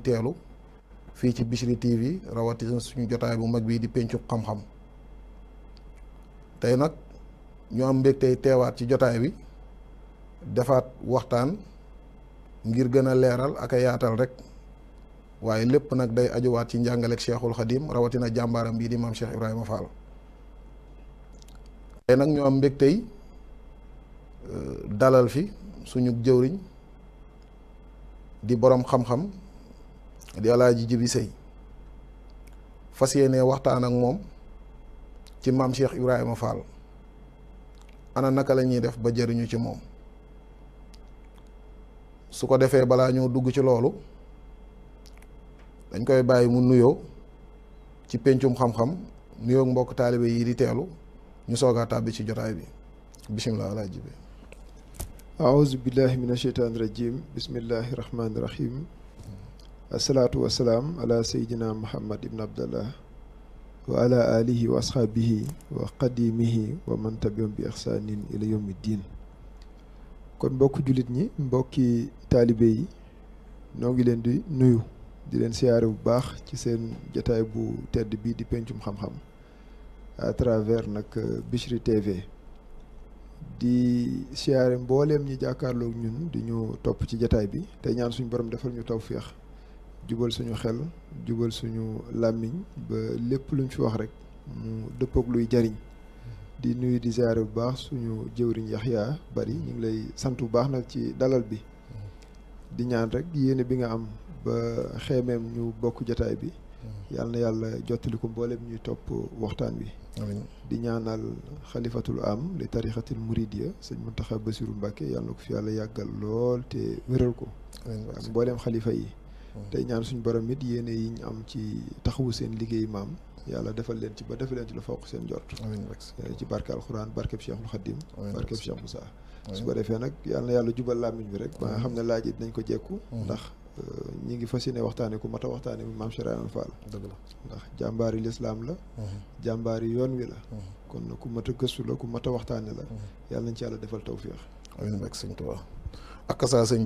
teelu fi ci bisri TV rawati suñu jotaay bu mag bi di pencu xam-xam tay nak ñu am tay téwaat ci jotaay bi defaat waxtaan ngir gëna léral ak yaatal rek waye lepp nak day waat ci njàngaleeg Cheikhul Khadim na jambaram bi di mam Cheikh Ibrahima Fall. tay nak ñu am tay euh, dalal fi suñu jëwriñ di borom xam-xam di alaaji jibi sey fasiyene waxtaan ak mom ci mam Cheikh Ibrahima Fall ana naka lañuy def ba jëriñu ci mom su ko defee balaa ñoo dugg ci lolu dañ koy bayyi mu nuyo ci péncum xam-xam nuyoo mbokk talibé yi di télu ñu soga tabbi ci jotaay bi bisimilah alaaji bi auzu billahi minash shaitanir rajim bismillahir rahmanir rahim asalaatu wasalaam ala sayidina muhammad ibn abdallah wa ala alihi wa asxaabihi wa qadimihi wa man tabium bi ixsaanin ila yawmi diin kon mbokki jullit ñi mbokki taalibe yi noo ngi leen di nuyu di leen siyaare bu baax ci seen jataay bu tedd bi di pencum xam-xam à travers nag Bichri TV di siyaare mbooleem ñi jàkkaarloog ñun di ñu topp ci jataay bi te ñaan suñu borom defal ñu tawféex jubal suñu xel jubal suñu làmmiñ ba lépp luñ fi wax rek mu dëppook luy jariñ di nuyu di ziare bu baax suñu jëwriñ Yaxya Bari ñu ngi lay sant bu baax nag ci dalal bi di ñaan rek yéene bi nga am ba xeemeem ñu bokk jataay bi yàlla na yàlla jottali ko mboolem ñuy topp waxtaan wi di ñaanal xalifatul am li tarixatil muridiya sëñ Muntaxa Basiru Mbàkke yàlla na ko fi yàlla yàggal lool te wéral ko ak mbooleem xalifa yi tey ñaan suñu borom it yéene yi ñu am ci taxawu seen liggéey maam yàlla defal leen ci ba defal leen ci lu fokk seen jort eh, ci barke alxuraan barkeb Cheikhul Xadim barkeb Cheikh Moussa su ko defee nag yàlla yàlla jubal làmmiñ bi rek ba nga xam ne laaj it nañ ko jekku ndax eh, ñi ngi fas yéene waxtaane ku mat a waxtaane bi maam Chérifou Fall dëgg la ndax yi lislaam la yi yoon wi la kon ku mat a la ku mat a waxtaane la yàlla nañ ci yàlla defal tawfiix amiin ak sëñ Tuubaa ak saa sëñ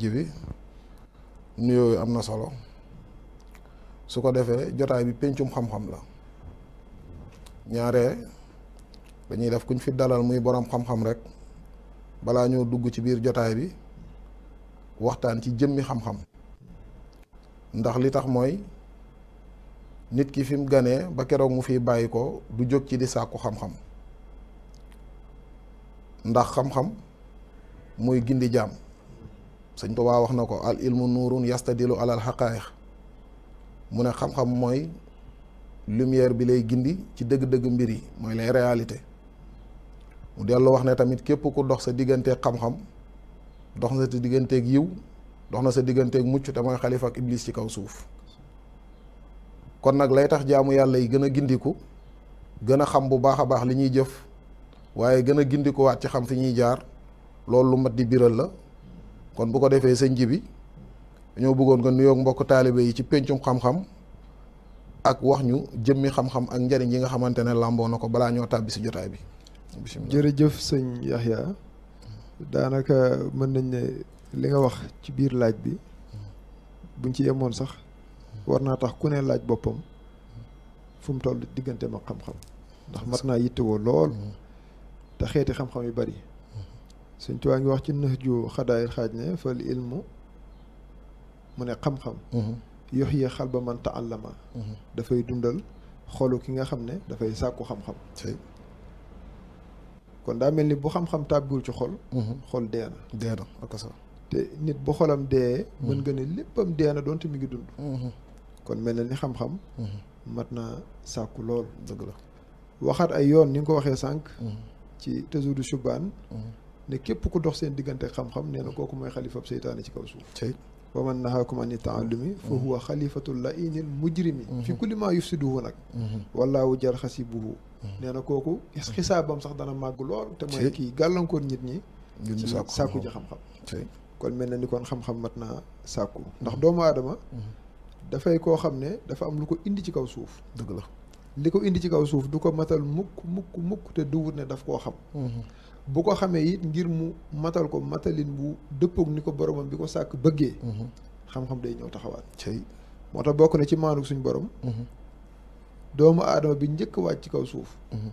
nuyoo yi am na solo su ko defee jotaay bi péncum xam-xam la ñaare dañuy def kuñ fi dalal muy boroom xam-xam rek balaa ñoo dugg ci biir jotaay bi waxtaan ci jëmmi xam-xam ndax li tax mooy nit ki fim ganee ba keroog mu fi bàyyi ko du jóg ci di sàkku xam-xam ndax xam-xam muy gindi jaam sëñ Tuubaa wax na ko al ilmu nuurun yastadilu alal xaqaayiq mu ne xam-xam mooy lumière bi lay gindi ci dëgg-dëgg mbir yi mooy lay réalités mu dellu wax ne tamit képp ku dox sa digganteeg xam-xam dox na sa digganteeg yiw dox na sa digganteeg mucc te mooy xalifa ak iblis ci kaw suuf kon nag lay tax jaamu yàlla yi gën a gindiku gën a xam bu baax a baax li ñuy jëf waaye gën a gindikuwaat ci xam fi ñuy jaar loolu lu mat di biral la kon bu ko defee sëñ ji bi ñoo bëggoon nga nuyoog mbokk taalibe yi ci péncum xam-xam ak wax ñu jëmmi xam-xam ak njëriñ yi nga xamante ne làmboo na ko balaa ñoo tàbbi si jotaay bi. bisimilah jërëjëf sëñ Yaxya daanaka mën nañ ne li nga wax ci biir laaj bi buñ ci yemoon sax war naa tax ku ne laaj boppam fu mu toll diggante ma xam-xam ndax mas naa yittewoo lool mm-hmm. te xeeti xam-xam yu bari سنت واغي واخ نهجو خدائر خاجنا فالعلم من خم خم يحيي قلب من تعلم دا فاي دوندال خولو كيغا خامني دا فاي ساكو خم خم كون دا ملني بو خم خم تابول سي خول خول دينا دينا اكو صح تي نيت بو خولام دي من غني ليبام دينا دونت ميغي دوند كون ملني خم خم ماتنا ساكو لول دغلا واخات اي يون نينكو واخي سانك تي شبان ne képp ku dox seen diggante xam-xam nee na kooku mooy xalifab seytaane ci kaw suuf wa man nahaakum ani taallumi fa mm-hmm. huwa xalifatu lainil mujrimi mm-hmm. fi kulli maa yufsiduhu nag mm-hmm. wallaahu jar xasibuhu nee na kooku xisaabam sax dana màgg lool te mooy kii gàllankoor nit ñi ci sàkku ji xam-xam kon mel na ni kon xam-xam mat naa sàkku ndax doomu aadama dafay koo xam ne dafa am lu ko indi ci kaw suuf dëgg la li ko indi ci kaw suuf du ko matal mukk mukk mukk te ne koo xam bu ko xamee it ngir mu matal ko matalin bu dëppoog ni ko boromam bi ko sàkk bëggee mhm. xam-xam day ñëw taxawaat moo tax bokk na ci maanuk suñ borom mhm. doomu aadama bi njëkk wàcc ci kaw suuf mhm.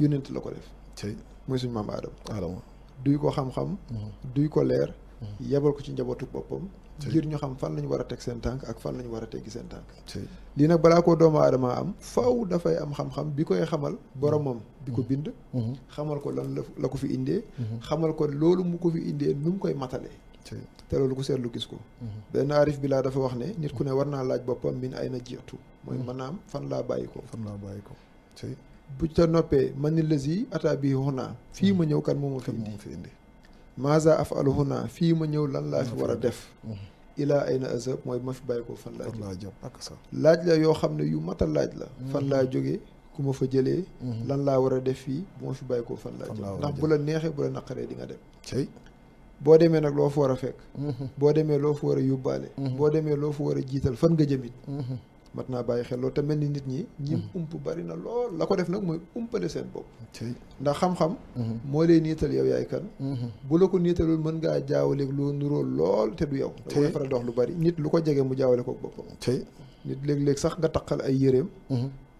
yónent la ko def muy suñ maam aadama duy ko xam-xam duy ko leer yebal ko ci njabootu boppam ngir ñu xam fan la ñu war a teg seen tànk ak fan la ñu war a teggi seen tànk lii nag doomu aadama am faaw dafay am xam-xam koy xamal boromam bi ko mm-hmm. bind mm-hmm. xamal ko lan la ko fi indee mm-hmm. xamal ko loolu mu ko fi indee nu mu koy matalee te loolu seetlu gis ko benn arif bi laa dafa wax ne nit ku ne war naa laaj boppam min ay na jiitu mooy maanaam fan laa bàyyi ko fan laa bàyyi ko bu ca noppee man ne lësi ataa bi xunaa fii ma ñëw kan moo ma fi indi maasa afalu huna fii ma ñëw lan laa fi war a def ilaa ay na azab mooy bu ma fi bàyyi ko fan laa jëm laaj la yoo xam ne yu mat a laaj la fan laa jógee ku ma fa jëlee lan laa war a def fii bu ma fi bàyyi ko fan laa jëm ndax bu la neexee bu la naqaree di nga dem boo demee nag loo fa war a fekk boo demee loo fa war a yóbbaale boo demee loo fa war a jiital fan nga jëmit mat naa bàyyi xel loolu te mel ni nit ñi ñim hmm. ump bari na lool la ko def nag mooy umpale seen bopp ndax xam-xam hmm. moo lay niital yow yaay kan hmm. bu la ko niitalul mën ngaa jaawaleeg loo nuroo lool te du yow da koy faral lu bari nit lu ko jege mu jaawale ko boppam nit léeg-léeg sax nga taqal ay yéreem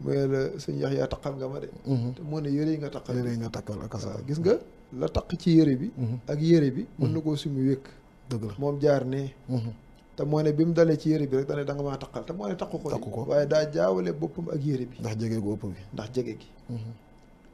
mooy la sëñ yax yaa taqal nga ma de te moo ne yére yi nga taqal yére yi nga taqal ak sa gis nga la taq ci yére bi ak yére bi mën na koo sumi wékk dëgg la moom jaar ne te moo ne bi mu dalee ci yére bi rek dane da nga maa taqal te moo ne taqu ko taqu ko waaye daa jaawale boppam ak yére bi ndax jege gu ëpp gi mhm.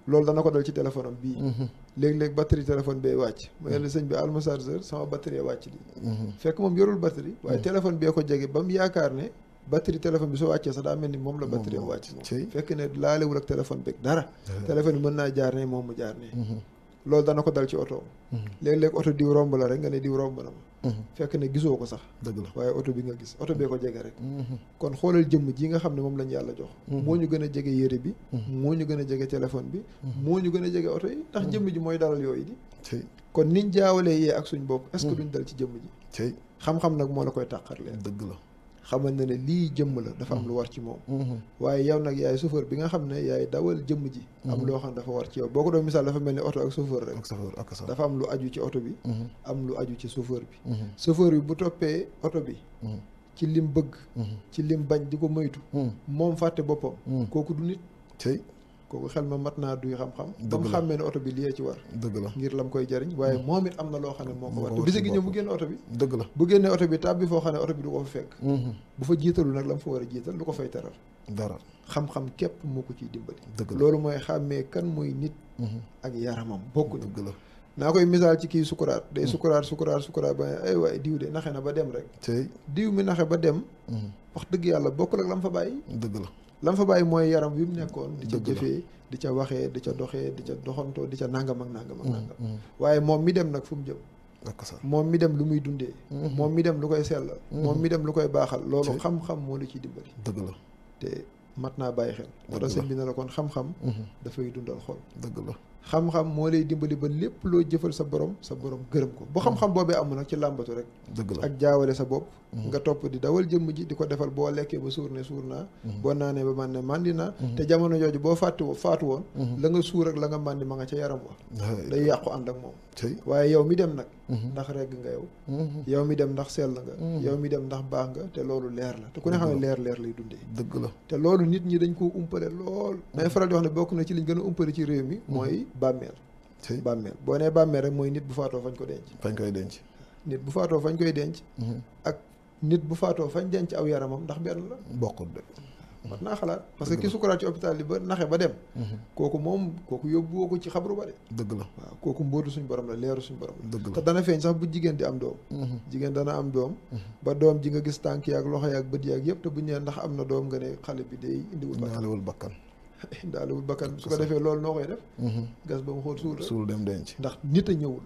loolu dana ko dal ci téléphone am bii mhm. léeg-léeg batterie téléphone wàcc mu ne mhm. bi alma chargeur sama batterie wàcc li fekk moom yorul batterie waaye téléphone bee ko jege ba mu yaakaar ne batterie téléphone bi wàccee sax daa mel ni moom la batterie am wàcc fekk ne laalewul ak téléphone beeg dara téléphone mën naa jaar ne moom mu jaar ne loolu dana ko dal ci oto léeg-léeg oto diw romb la rek nga ne diw romb na ma fekk ne gisoo ko sax dëgg la waaye oto bi nga gis oto bee ko jege rek mm-hmm. kon xoolal jëmm ji nga xam ne moom lañ yàlla jox mm-hmm. moo ñu gën a jege yére bi mm-hmm. moo ñu gën a jege téléphone bi moo ñu gën a jege oto yi ndax jëmm ji mooy dalal yooyu di kon ñu jaawalee yee ak suñu bopp est-ce que duñ dal ci jëmm ji xam-xam nag moo la koy tàqarlee dëgg la xamal na ne lii jëmm la dafa am mm-hmm. lu war ci moom mm-hmm. waaye yow nag yaay chauffeur bi nga xam ne yaay dawal jëmm ji am mm-hmm. loo xam ne dafa war ci yow boo ko doon misaal dafa mel ni oto ak chauffeur rek dafa am lu aju ci oto bi am lu aju ci chauffeur bi chauffeur bi bu toppee oto bi ci lim bëgg ci lim bañ di ko moytu moom fàtte boppam kooku du nit kooku xel ma mat naa duy xam-xam ba mu xàmmee ne oto bi lii ci war dëgg la ngir lam koy jariñ waaye mm. moom it am na loo xam ne moo ko war te bisa gi ñëw mu génn oto bi dëgg la bu génnee oto bi tàbbi foo xam ne oto bi du ko fa fekk mm-hmm. bu fa jiitalu nag la mu fa war a jiital lu ko fay teral dara xam-xam képp moo ko ciy dimbali dëgg la loolu mooy xàmmee kan mooy nit mm-hmm. ak yaramam bokk dëgg la naa koy misaal ci kii sukuraat day mm-hmm. sukuraat sukuraat sukuraat ba ay waay diw de naxe na ba dem rek diw mi naxe ba dem wax dëgg yàlla bokkul ak lam fa bàyyi dëgg la lan fa bàyyi mooy yaram wi mu nekkoon di ca jëfee di ca waxee di ca doxee di ca doxantoo di ca nangam ak nangam mm, mm. waaye moom mi dem nag fu mu jëm moom mi dem lu muy dundee mm-hmm. moom mi dem lu koy sellal mm-hmm. moom mi dem lu koy baaxal loolu xam-xam moo lu ciy dimbali dëgg la te mat naa bàyyi xel moo tax sëñ bi ne la kon xam-xam mm-hmm. dafay dundal xol dëgg la xam-xam moo lay dimbali ba lépp loo jëfal sa borom sa borom gërëm ko bu xam-xam boobee amul nag ci làmbatu rek dëgg la ak jaawale sa bopp mhm. nga topp di dawal jëmm ji di ko defal boo lekkee ba suur ne suur naa mhm. boo naanee ba man ne màndi naa mhm. te jamono jooju boo fàtte faatu woon la nga suur ak la nga màndi ma nga ca yaram wa day yàqu ànd ak moom waaye yow mi dem nag mhm. ndax regg nga yow mhm. yow mi dem ndax sell nga mhm. yow mi dem ndax baax nga te loolu leer la te ku ne xam ne leer leer lay dundee dëgg la te loolu nit ñi dañ koo umpale lool may faral di wax ne bokk na ci liñ gën a umpale ci réew mi mooy bàmmeel bàmmeel boo nee bàmmeel rek mooy nit bu faatoo fañ ko denc fañ koy denc nit bu faatoo fañ koy denc ak nit bu faatoo fañ denc aw yaramam ndax benn la bokkul mat naa xalaat parce que ki sukuraat ci hôpital li ba naxe ba dem mhm. kooku moom kooku yóbbuwoo ko ci xabru ba de dëgg la waaw kooku mbóotu suñu borom la leeru suñ borom la dëgg la te dana feeñ sax bu jigéen di am doom mhm. jigéen dana am doom mhm. ba doom ji nga gis tànk ak loxo yaak bët yaak yëpp te bu ñu nee ndax am na doom nga ne xale bi day indiwul bakkan indiwul bakkan indiwul bakkan su ko defee loolu noo koy def gas ba mu xool suul suul dem denc ndax nit a ñëwul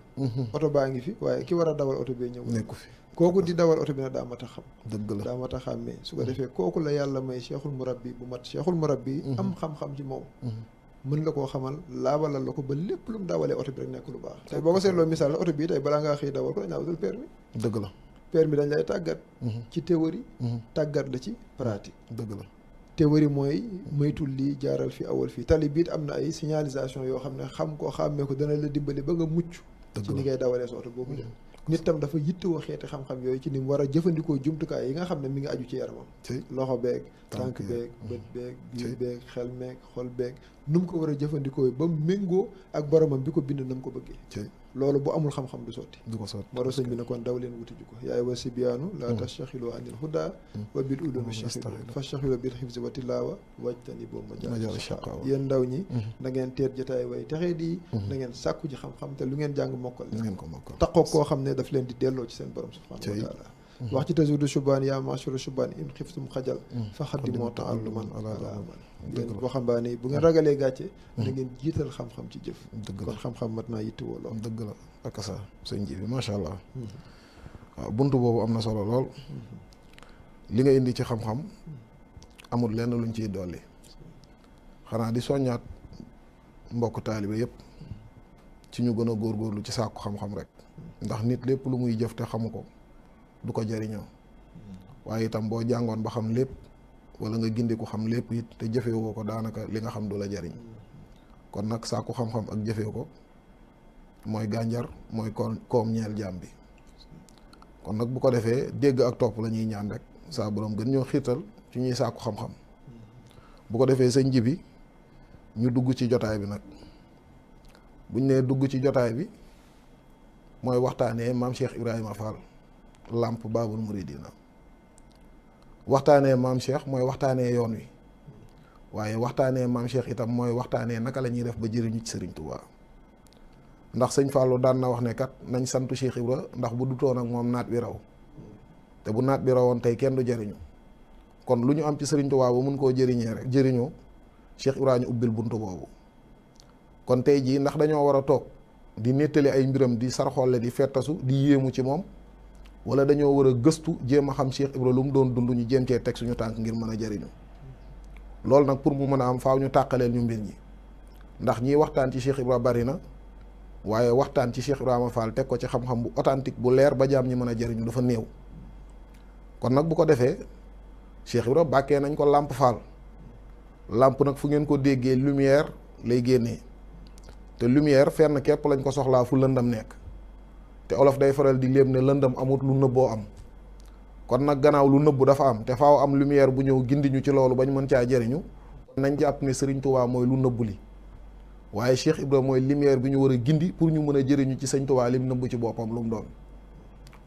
oto baa ngi fi waaye ki war a dawal oto bee ñëwul nekku fi kooku di dawal oto bi nag daa mat xam dëgg la daa mat a xàmmee su ko mm. defee kooku la yàlla may cheikhul murabbi bu mat cheikhul bi mm-hmm. am xam-xam ci moom mm-hmm. mën la koo xamal laabalal la ko ba lépp lu dawalee auto oto bi rek nekk lu baax tey boo ko seetloo misaal la oto bii balaa ngaa xëy dawal ko dañ dëgg la permis dañ lay tàggat mm-hmm. ci théorie tàggat la ci pratique dëgg la théorie mooy moytul lii jaaral fi awal fii tali biit am na ay signalisation yoo xam ne xam ko xàmmee ko dana la dimbali ba nga mucc ci ni ngay dawalee sa oto boobu dem nit tam dafa yittewoo xeeti xam-xam yooyu ci ni war a jëfandikoo jumtukaay yi nga xam ne mi ngi aju ci yaramam loxo beeg tànk beeg mm. bët beeg biir beeg xel meeg xol beeg nu mu ko war a jëfandikoo ba mu méngoo ak boromam bi ko bind na mu ko bëggee loolu bu amul xam-xam du sotti du ko sotti moo tax sëñ bi ne kon daw leen wuti ji ko yaay wa sibiyaanu laa hmm. tastaxilu anil hudaa hmm. wa bil ulumi hmm, staxilu fastaxilu bil xifsi wa tilaawa wajtani boobu ma jaar shaqaawa yéen ndaw ñi na ngeen teet jotaay way texee xam te lu ngeen jàng mokkal leen ngeen ko mokkal taqoo koo xam ne daf leen di delloo ci seen borom subhaanahu wa taala wax ci tasidu subaan yaa maasuru subaan in xiftum xajal fa xaddimoo taalluman ala amal yéen waxambaane bu ngeen ah. ragalee gàcce da hmm. ngeen jiital xam-xam ci jëf dëgg kon xam-xam mat naa yittewoo dëgg la ak sa sëñ ji bi macha allah hmm. waaw bunt boobu am na solo lool hmm. li nga indi ci xam-xam amul lenn luñ ciy dolli xanaa di soññaat mbokk taalibe yépp ci ñu gën a góorgóorlu ci sàkku xam-xam rek ndax nit lépp lu muy jëf te xamu ko du ko jariñoo waaye itam boo jàngoon ba xam lépp wala nga gindi ku xam lépp it te jëfewoo ko daanaka li nga xam du la jariñ kon nag sàkku xam-xam ak jëfee ko mooy gànjar mooy koom koom ñeel jaam bi kon nag bu ko defee dégg ak topp la ñuy ñaan rek saa borom gën ñoo xiirtal ci ñuy sàkku xam-xam bu ko defee sa njibi ñu dugg ci jotaay bi nag buñ nee dugg ci jotaay bi mooy waxtaanee maam Cheikh Ibrahima Fall làmp baabul muridina waxtaanee maam Cheikh mooy waxtaanee yoon wi waaye waxtaanee maam Cheikh itam mooy waxtaanee naka la ñuy def ba jëriñu ci Serigne Touba ndax sëñ Fallou daan na wax ne kat nañ santu Cheikh Ibra ndax bu dutoon ak moom naat bi raw te bu nat bi rawoon tey kenn du kon lu ampi am ci Serigne Touba ba mun ko jëriñee rek jëriñoo Cheikh Ibra ñu ubbil buntu boobu kon tey jii ndax dañoo war a di nettali ay mbiram di sarxolle di fettasu di yéemu ci wala dañoo war a gëstu jéem a xam Cheikh Ibra lu mu doon dund ñu jéem cee teg suñu tànk ngir mën a jëriñu loolu nag pour mu mën a am faaw ñu tàqaleel ñu mbir ñi ndax ñiy waxtaan ci Cheikh Ibra bari na waaye waxtaan ci Cheikh Ibrahima Fall teg ko ci xam-xam bu authentique bu leer ba jaam ñi mën a jëriñu dafa néew kon nag bu ko defee Cheikh Ibra bàkkee nañ ko làmp Fall làmp nag fu ngeen ko déggee lumière lay génnee te lumière fenn képp lañ ko soxlaa fu lëndam nekk te olof day faral di léeb ne lëndam amut lu nëbboo am kon nag gannaaw lu nëbbu dafa am te faw am lumière bu ñëw gindi ñu ci loolu ba ñu mën caa jariñu nañ jàpp ne sëriñ Touba mooy lu nëbbu li waaye Cheikh Ibrahima mooy lumière bi ñu war a gindi pour ñu mën a jëriñu ci Sëñ Touba lim nëbbu ci boppam lu mu doon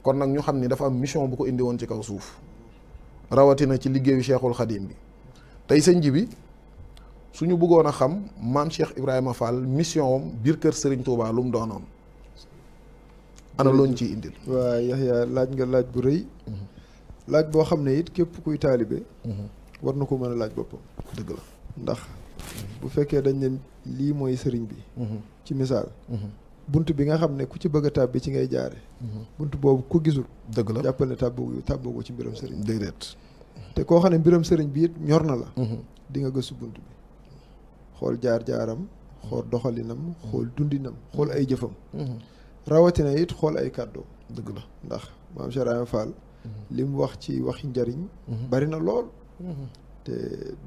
kon nag ñu xam ni dafa am mission bu ko indi woon ci kaw suuf rawatina ci liggéeyu Cheikhul Khadim bi tey sëñ ji bi suñu bëggoon a xam maam Cheikh Ibrahima Fall mission biir kër Serigne Touba lu mu doonoon. ana loo ñu ciy indil. waaw Yaxya laaj nga laaj bu rëy. Mhm. laaj boo xam ne it képp kuy taalibe. Mhm. war na ko mën a laaj boppam. dëgg la ndax mhm. bu fekkee dañ ne lii mooy sëriñ bi. ci misaal. bunt bi nga xam ne ku ci bëgg a tàbbi ci ngay jaare bunt boobu ku gisul. dëgg la jàppal ne tàbboogu ci mbiram sëriñ bi. déedéet te koo xam ne mbiram sëriñ bi it ñor na la. di nga gëstu bunt bi. xool jaar jaaram. xool doxalinam. xool dundinam xool ay jëfam. rawatina it xool ay kàddu. dëgg la ndax maam Cheikh Ibrahima Fall. Mhm. li mu wax ci waxi njariñ mhm. bari na lool. Mhm. te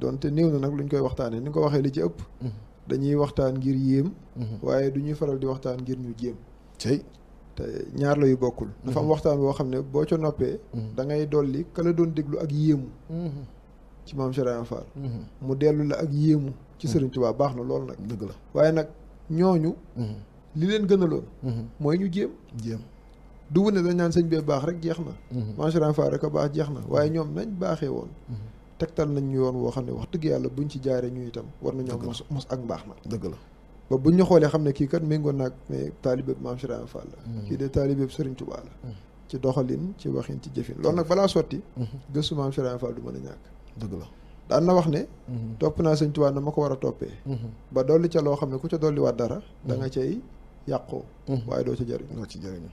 donte néew na nag luñ koy waxtaanee ni ko waxee li ci ëpp. dañuy waxtaan ngir yéem. waaye du ñuy faral di waxtaan ngir ñu jéem. tey te ñaar la yu bokkul. dafa am waxtaan boo xam ne boo ca noppee. da ngay dolli ka la doon déglu ak yéemu. ci maam Cheikh Ibrahima mu dellu la ak yéemu. ci Serigne Touba baax na lool nag. dëgg la waaye nag ñooñu. li leen gën a loon mhm. mooy ñu jéem jéem du wane dañ naan sëñ bee baax rek jeex na mhm. mansuran fa rek a baax jeex na waaye mhm. ñoom nañ baaxee woon tegtal nañ ñu yoon woo xam ne wax dëgg yàlla buñ ci jaaree ñu itam war nañoo mos mos ak mbaax la ba buñ ñu xoolee xam ne kii kat méngoon naag mais taalibe maam Chirañ Fall la kii de taalibe Serigne Touba la ci doxalin ci waxin ci jëfin loolu nag balaa sotti gëstu maam Chirañ Fall du mën a ñàkk daan na wax ne topp naa sëñ Touba na ma ko war a toppee ba dolli ca loo xam ne ku ca dolliwaat dara da nga yàqoo mm-hmm. waaye doo ci jëriñ doo ci jëriñ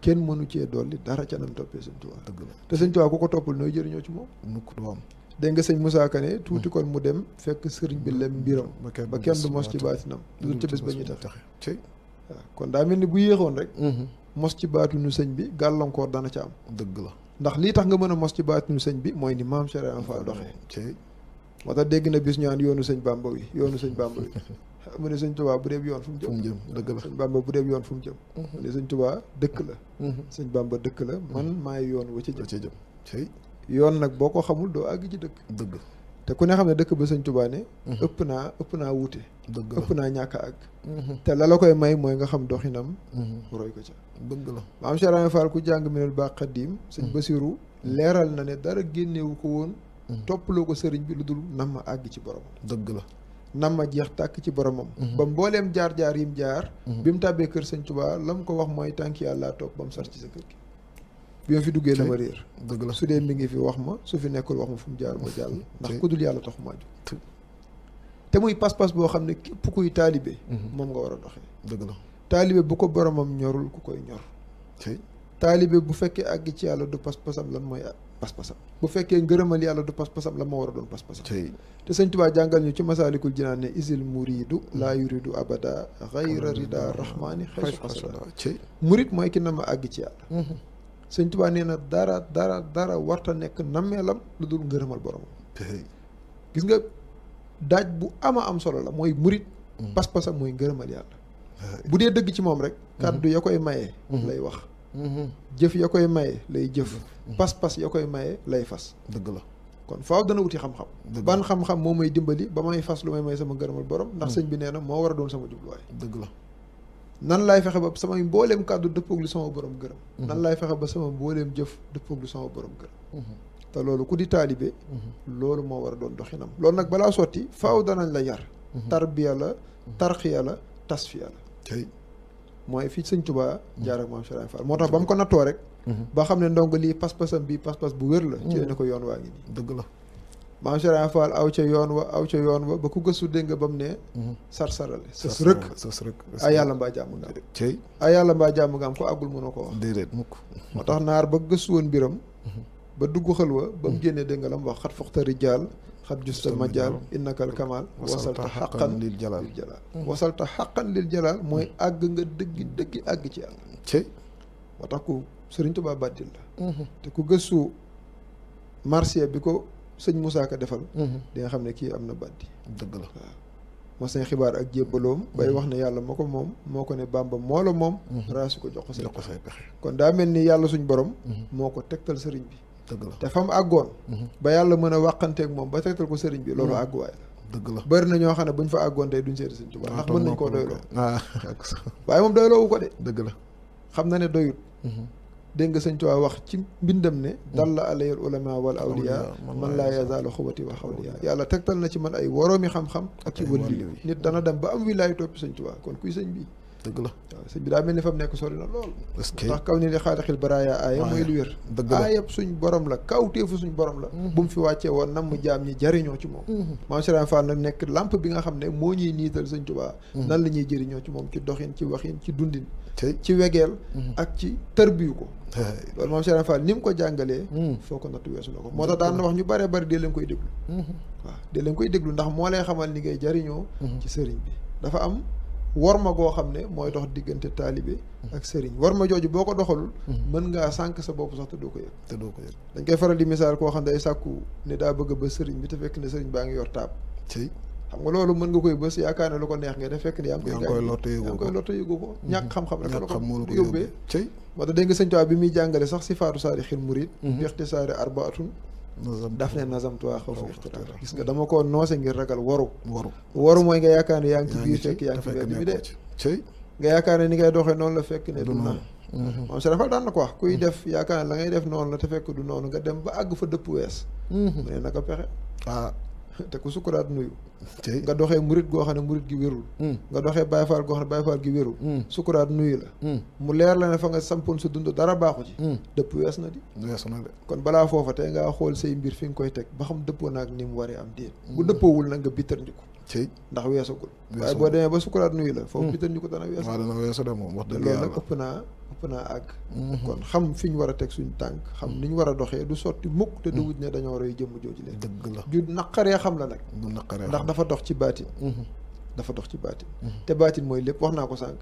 kenn mënu cee dolli dara ca nam toppee sëñ Tuubaa dëgg la te sëñ Tuubaa ko toppal nooy jëriñoo ci moom mukk du am dégg nga sëñ Moussa Kane mm-hmm. kon mu dem fekk sëriñ bi lem mbiram mm-hmm. ba kenn du mos ci baatinam dul ca bés ba ñuy kon daa mel ni bu yéexoon rek mos ci baatinu sëñ bi gàllankoor dana ca am dëgg la ndax lii tax nga mën a mos ci baatinu sëñ bi mooy ni maam Cheikh Ibra Fall doxee moo tax dégg na bis ñu naan yoonu sëñ baam Bamba wi yoonu sëñ Bamba wi mu ne sëñ tubaa bu dee yoon fu mu jëm jëm dëgg la bu dee yoon fu mu jëm mm-hmm. mu ne tubaa dëkk la mm-hmm. sëñ ba dëkk la man mm-hmm. maay yoon wa ca jëm ca jëm tey yoon nag boo ko xamul doo àgg ci dëkk dëgg te ku ne xam ne dëkk ba sëñ tubaa ne ëpp naa ëpp naa wuute dëgg ëpp naa ñàkk a àgg te la la koy may mooy nga xam doxinam roy ko ca dëgg la maam Cheikh Ibrahima Fall ku jàng baax baa xadim sëñ basiru leeral na ne dara génnewu ko woon toppaloo ko sëriñ bi lu dul nam ma àgg ci borom dëgg la nam ma jeex tàkk ci boromam. Mhm. ba mbooleem jaar jaar yim jaar. Mhm. bi mu tàbbee kër sëñ Tuubaa la mu ko wax mooy tànk yàlla toog ba mu sar ci sa kër gi. bi ma fi duggee la ma réer. dëgg la su dee mi ngi fi wax ma su fi nekkul wax ma fu mu jaar ma jàll. ndax ku dul yàlla tax maa jóg. te muy pas-pas boo xam ne képp kuy taalibe. Mhm. moom nga war a doxee. dëgg la taalibe bu ko boromam ñorul ku koy ñor. taalibe bu fekkee àgg ci yàlla du pas-pasam lan mooy pas-pasam bu fekkee ngërëmal yàlla du pas-pasam la ma war a doon pas-pasam te sëñ Tuubaa jàngal ñu ci masaalikul jinaan ne isil muridu laa yuridu abada xayra rida rahmaani xaysu xasada murid mooy ki na ma àgg ci yàlla mhm. sëñ Tuubaa nee na dara dara dara warta nekk nammeelam lu dul ngërëmal boromam gis nga daaj bu ama am solo la mooy murid mhm. pas-pasam mooy ngërëmal yàlla bu dee dëgg ci moom rek mhm. kàddu ya koy mayee lay wax Mhm. jëf ya koy maye lay jëf. Mhm. pas-pas ya koy maye lay fas. dëgg la kon faaw dana wuti xam-xam. ban xam-xam moo may dimbali ba may fas lu may may sama gërëmal borom. ndax mhm. sëñ bi neena na moo war a doon sama jubluwaay. dëgg la nan laay fexe ba samay mbooleem kàddu dëppoog lu sama borom gërëm. nan laay fexe ba sama mbooleem jëf dëppoog lu sama borom gërëm. te loolu ku di taalibe. loolu moo war a doon doxinam. loolu nag balaa sotti faw danañ la yar. tarbiya la tarxiya la tasfiya la. mooy fii sëñ Touba jaar ak maam Cheikh Fall moo tax ba mu ko nattoo rek mhm. ba xam ne ndongo lii pas-pasam bi pas-pas bu wér la ci la mhm. ko yoon waa ngi nii dëgg la maam Cheikh Fall aw ca yoon wa aw ca yoon wa ba ku gëstu dégg nga ba mu ne mhm. sar-sarale sës rëkk a yàlla mbaa jàmm nga am tey ay yàlla mbaa jàmm nga am ko àggul mënoo ko wax déedéet moo tax naar ba gëstu woon mbiram ba dugg xel wa ba mu génnee dégg nga la mu wax xat foxtari jaal قد جست المجال انك الكمال وصلت حقا للجلال وصلت حقا للجلال موي اغ nga deug deug اغ ci am ci wataku serigne touba badil la hmm. te ku gëssu marché bi ko serigne moussa ka defal hmm. di nga xamne ki amna baddi deug la mo sen xibar ak jebalom bay hmm. wax ne yalla mako mom moko ne bamba molo mom rasu ko jox ko say kon da melni yalla suñ borom moko tektal serigne bi te fa mu àggoon mhm. ba yàlla mën a wàqanteeg moom ba tegtal ko sëriñ bi loolu mhm. àgguwaay la dëgg la bëri na ñoo xam ne buñ fa àggoon tey duñ seeti sëriñ Tuubaa ndax mën nañ koo doyloo ah, waaye moom doyloowu ko de dëgg la xam na ne doyut mhm. dégg nga sëñ Tuubaa wax ci mbindam ne dalla alayal ulama wal awliya man laa yazaalu xubati wa xawliya yàlla tegtal na ci man ay woroomi xam-xam ak ci wëlli nit dana dem ba am laay toppi sëñ Tuubaa kon kuy sëñ bi dëgg la waaw sëñ bi daa mel ni fa mu nekk sori na ndax kaw ni li xaarixil baraaya aaya mooy lu wér dëgg suñ borom la kawteefu suñ borom la mhm. bu mu fi wàccee woon nam jaam ñi jariñoo ci moom mhm. xam ne moo ñuy niital sëñ Tuubaa mhm. nan la ñuy jëriñoo ci moom doxin ci waxin ci dundin ci wegeel ak ci tërbiyu ko loolu maam Serigne Fall ni mu ko jàngalee foo ko nattu weesu na ko moo tax daan wax ñu bare bari dee leen koy déglu waaw dee leen koy déglu ndax moo lay xamal ni jariñoo ci sëriñ bi dafa am war ma goo xam ne mooy dox diggante taalibe hmm. ak sëriñ warma jooju boo ko doxalul hmm. mën ngaa sànq sa bopp sax te doo ko yëg te doo ko dañ koy faral di misaal koo xam ne ay sàkku ne daa bëgg ba sëriñ bi te fekk ne sëriñ baa ngi yor taab xam nga loolu mën nga koy bës yaakaar ne lu ko neex nga def fekk ne yaa ngi koy lott yëgoo ko lott yëgoo ko ñàkk xam-xam rek la ko yóbbee cëy moo tax dégg nga sëñ Tuubaa bi muy jàngale sax si faatu saari xil murid hmm. bixti saari arbaatun daf ne nazamtuwaa xaw fi ixtiraar gis nga dama koo noose ngir ragal waru waru waru mooy nga yaakaar ne yaa ngi ci biir fekk yaa ngi ci biir bi dee nga yaakaar ne ni ngay doxee noonu la fekk ne du noonu moom sa dafa daan na ko wax kuy mhm. def yaakaar ne la ngay def noonu la te fekk du noonu nga dem ba àgg fa dëpp wees mhm. mu ne naka pexe ah. te ku sukkuraat nuyu nga doxee murit goo xam ne murit gi wérul hmm. nga doxee Baay Faal goo xam ne Baay Faal gi wérul hmm. sukkuraat nuyu la hmm. mu leer la ne fa nga sampoon sa dund dara baaxu ci dëpp wees na di wees na de kon balaa foofa tey ngaa xool say mbir fi nga koy teg ba xam dëppoo naag ni mu waree am déet bu dëppoowul nag nga bittar ndiku ndax weesagul waaye boo demee ba sukkuraat nuyu la foofu bittar ndiku dana wees waaw dana weesu de moom wax dëgg ëpp naa ëpp naa àgg mhm. kon xam fi ñu war a teg suñu tànk xam mhm. ni ñu war a doxee du sotti mukk te du mhm. wut ne dañoo roy jëmm jooju leen dëgg la ju naqaree xam la nag du naqaree ndax dafa dox ci baatin dafa dox ci baatin te baatin mooy lépp wax naa ko sànq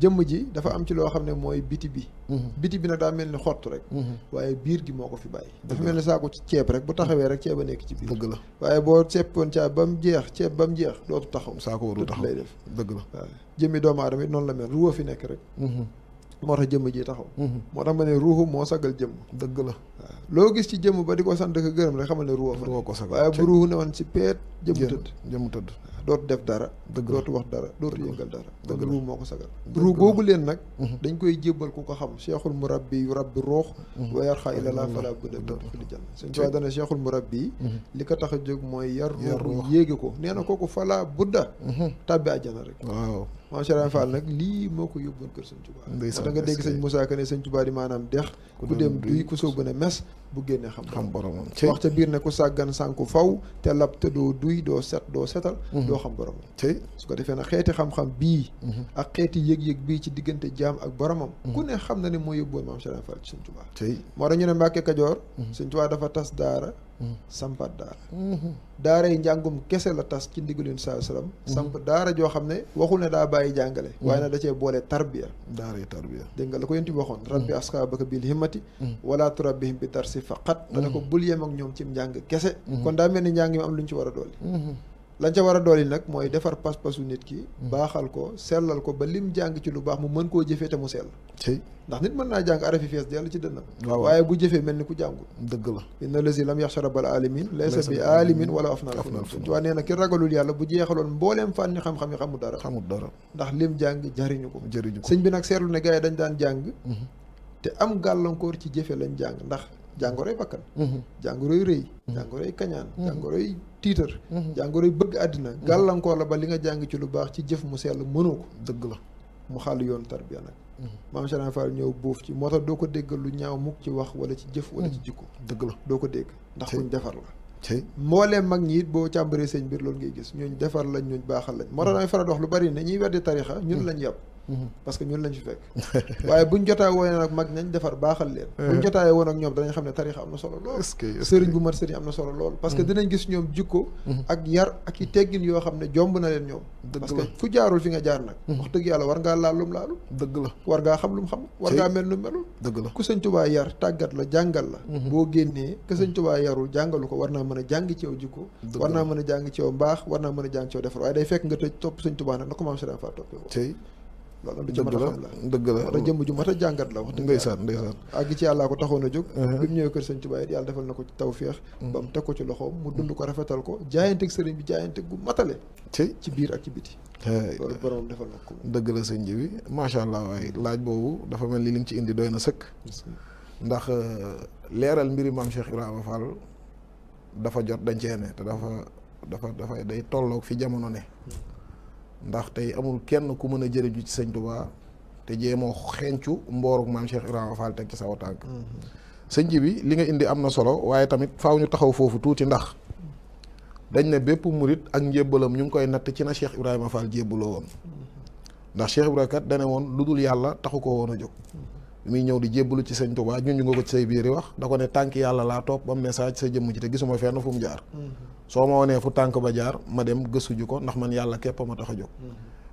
jëmm ji dafa am ci loo xam ne mooy biti bi biti bi nag daa mel ni xott rek waaye biir gi moo ko fi bàyyi dafa mel ni saako ci ceeb rek bu taxawee rek ceeb a nekk ci biir dëgg la waaye boo seppoon caa ba mu jeex ceeb ba mu jeex dootu taxaw saako warul taxaw lay def dëgg la waaw jëmmi doomu aadama noonu la mel ruwa fi nekk rek moo tax jëmm ji taxaw mhm. moo tax ma ne ruuxu moo sagal jëmm dëgg la waaw loo gis ci jëmm ba di ko sant ko gërëm rek xamal ne ruuxa fa ko sagal waaye bu ruuxu ne woon si peet jëmu tëdd jëmu tëdd dootu def dara dootu wax dara dootu yëngal dara dëgg ruu moo ko sagal ruu googu leen nag mhm. dañ koy jébbal ku ko xam cheikhul murabbi yu rabbi ruux mhm. wa yarxa ila la fala budda fil janna suñ tuwaa dana cheikhul murabbi mhm. li ko tax a jóg mooy yar ruux yéege ko nee na kooku fala budda tàbbi àjjana rek waaw maam nag lii moo ko yóbboon kër sëñ Tuubaa da maanaam dex ku dem duy ku soo bën a mes bu génnee xam xam boromam wax ca biir ne ku sàggan sànku faw te lab te doo duy doo set doo setal mhm. doo xam boromam tey su ko defee na xeeti xam-xam bii mhm. ak xeeti yëg-yëg bii ci diggante jaam ak boromam ku mhm. ne xam na ne moo yóbboon maam Serigne Fall ci Sëñ Tuubaa tey moo tax ñu ne Mbàkke Kajoor Sëñ Tuubaa dafa tas daara sampat daara mm-hmm. daaray njàngum kese la tas ci ndigalu Yonent saa salaam samp daara joo xam ne waxul ne daa bàyyi jàngale mm-hmm. waaye nag da cee boole tarbiya daaray tarbiya dégg nga la ko Yonent bi waxoon rabbi mm-hmm. askaabaka bil himmati wala turabbihim bi tarsi faqat dana ko bul yem ak ñoom cim njàng kese kon daa mel ni njàng mi am lu ñu ci war a doole lañ ca wara a nak moy defar pas passu nit ki hmm. baxal ko selal ko ba lim jang ci lu bax mu meun ko jëfee te mu sell ndax nit meun naa jang arafi fess del ci dënnam waaye bu jefe melni ku jangul deug la inna lazi lam rabbal alamin laysa bi alimin wala afnal afnal waa wa neena ki ragalul yalla bu jeexaloon mbooleem fànni xam-xam yi xamul dara xamu dara ndax lim jang jariñu ko jariñu ko señ bi nak seetlu ne gaay dañ daan jang hmm. te am koor ci jëfe lañ jang ndax jàngoroy bakkan hmm. kañaan tiitar mhm. jàngoroy bëgg àddina mhm. gàllankoor la ba li nga jàng ci lu baax ci jëf mu sell mënoo ko dëgg la mu xàll yoon tarbiya nag mhm. maam Serigne Fall ñëw buuf ci moo tax doo ko dégg lu ñaaw mukk ci wax wala ci jëf wala ci jikko dëgg la doo ko dégg ndax buñ defar la mbooleem mag ñi it boo càmbaree seen biir loolu ngay gis ñooñ defar lañ ñooñ baaxal lañ moo tax damay faral wax lu bari ne ñuy weddi tarixa ñun lañ yàpp Mhm. parce que ñun lañ fi fekk waaye buñ jotaay woon ak mag nañ defar baaxal leen eh. buñ jotaay woon ak ñoom danañ xam ne tarixa am na solo lool sëriñ bu mat sëriñ am na solo lool parce que mm. dinañ gis ñoom jikko mm-hmm. ak yar ak i teggin yoo xam ne jomb na leen ñoom parce que ku jaarul fi nga jaar nag mm-hmm. wax dëgg yàlla war ngaa laal lum laalu dëgg la war ngaa xam lum xam war ngaa mel lu melul dëgg ku sëñ Tuubaa yar tàggat la jàngal la mm-hmm. boo génnee ku sëñ Tuubaa yarul jàngalu ko war naa mën a jàng ci yow jikko war a jàng ci yow war naa mën a jàng ci yow defar sëñ Tuubaa nag loolu lu ci a la dëgg la te jëmm ju mat jàngat la wax dëgg ndeysaan ndeysaan àgg ci yàllaa ko taxoon a jóg uh-huh. bi mu ñëwee kër defal na ko ci tawféex uh-huh. teg ko ci loxoom mu uh-huh. dund ko rafetal ko jaayanteeg sëriñ bi jaayanteeg gu matale ci biir ak ci biti loolu dëgg la sëñ ji bi macha allah waaye laaj boobu dafa mel ni li nga ci indi doy na sëkk ndax uh, leeral mbiri maam Cheikh Ibrahima Fall dafa jot dañ cee ne te dafa dafa dafay day tolloog fi jamono ne hmm. ndax tey amul kenn ku mën a jëriñu ci sëñ Tuubaa te jéemoo xencu mbooruk maam Cheikh Ibrahima Fall teg ci saw tànk sëñ ji bi li nga indi am na solo waaye tamit faaw ñu taxaw foofu tuuti ndax dañ ne bépp murit ak njébbalam ñu ngi koy natt ci na Cheikh Ibrahima Fall jébbaloo woon ndax Cheikh Ibrahima kat dane woon lu dul yàlla taxu ko woon a jóg muy ñëw di jébbalu ci sëñ Tuubaa ñun ñu nga ko ci say biir i wax da ko ne tànk yàlla laa topp ba message sa jëmm ji te gisuma fenn fu mu jaar so ma fu tank ba jaar ma dem gëstuju juko ndax man yalla kep ma tax a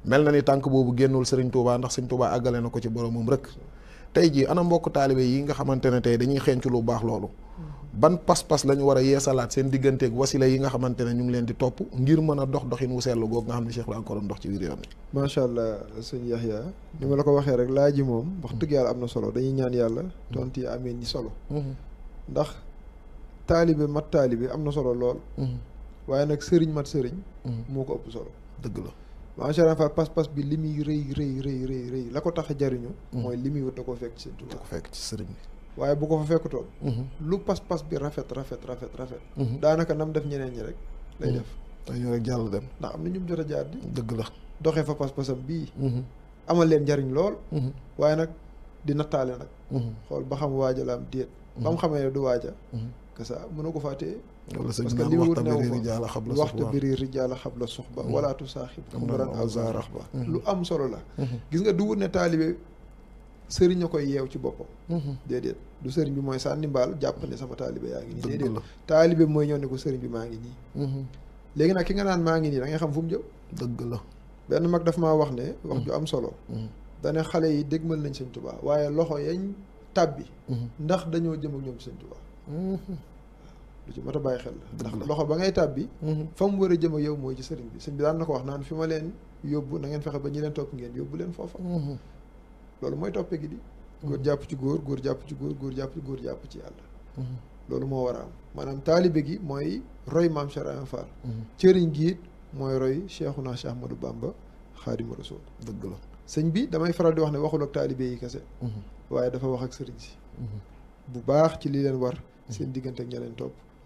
mel ni tank bobu gennul Serigne Touba ndax Serigne Touba agalé nako ko ci boromam rek tey ana mbokk talibé yi nga xamante tay dañuy xéñtu lu bax lolu ban pas-pas lañu wara yéssalat a digënté ak wasila yi nga xamante ñu ngi leen di top ngir mëna dox doxine wu sélu gog nga xamni ne Cheikh la doon dox ci wir yoon ma sha allah yahya ni ma la ko rek laaji mom wax dëgg yalla amna solo dañuy ñaan yalla tonti amin ni solo mhm. ndax talibé mat talibé amna solo lool mhm. waaye nag sëriñ mat sëriñ. Mm. moo ko ëpp solo. dëgg la maam Cheikh Ibra Fall pas-pas bi li muy rëy rëy la ko tax a jariñu. Mm. mooy li muy wut da fekk ci Sëriñ Tuubaa. da ko fekk ci sëriñ bi. waaye bu ko fa fekkutoon. Mm-hmm. lu pas-pas bi rafet rafet rafet rafet. Mm-hmm. daanaka nam def ñeneen ñi rek. lay mm. def day ñëw rek jàll dem. ndax am na ñu mu jot a jaar di. dëgg la doxee fa pas-pasam bii. Mm-hmm. amal leen njariñ lool. waaye nag di nattaale nag. xool ba xam waaja la am déet. ba mu xamee du waaja. que ça mën na ko fàttee. parce que li wër na waxtu biri rijaala xabla suxba mm-hmm. wala tusaaxib xumran awsa raxba mm-hmm. lu am solo la mm-hmm. gis nga du wut ne taalibe sëriñ a koy yeew ci boppam déedéet du sëriñ bi mooy sànni mbaal jàpp ne sama taalibe yaa ngi nii déedéet taalibe mooy ñëw ne ko sëriñ bi maa ngi nii léegi nag ki nga naan maa ngi nii da nga xam fu mu jëm dëgg la benn mag daf maa wax ne wax ju am solo dane xale yi dégmal nañ sëñ tubaa waaye loxo yañ tàbbi ndax lu ci mat a xel ndax loxo ba ngay tàbbi mhm. fa mu jëm ak yow mooy ci sëriñ bi sëñ bi daan na ko wax naan fi ma leen yóbbu na ngeen fexe ba ñi leen topp ngeen yóbbu leen foofa mhm. loolu mooy toppe gi di mhm. góor jàpp ci góor góor jàpp ci góor góor jàpp ci góor jàpp ci yàlla loolu moo war a am gi mooy roy maam Charayan Fall cëriñ gi it roy Cheikhuna Cheikh Ahmadou Bamba Xaadimu Rasul dëgg la sëñ bi damay faral di wax ne waxul ak taalibe yi kese waaye dafa wax ak sëriñ bu baax ci li leen war seen diggante ak ña leen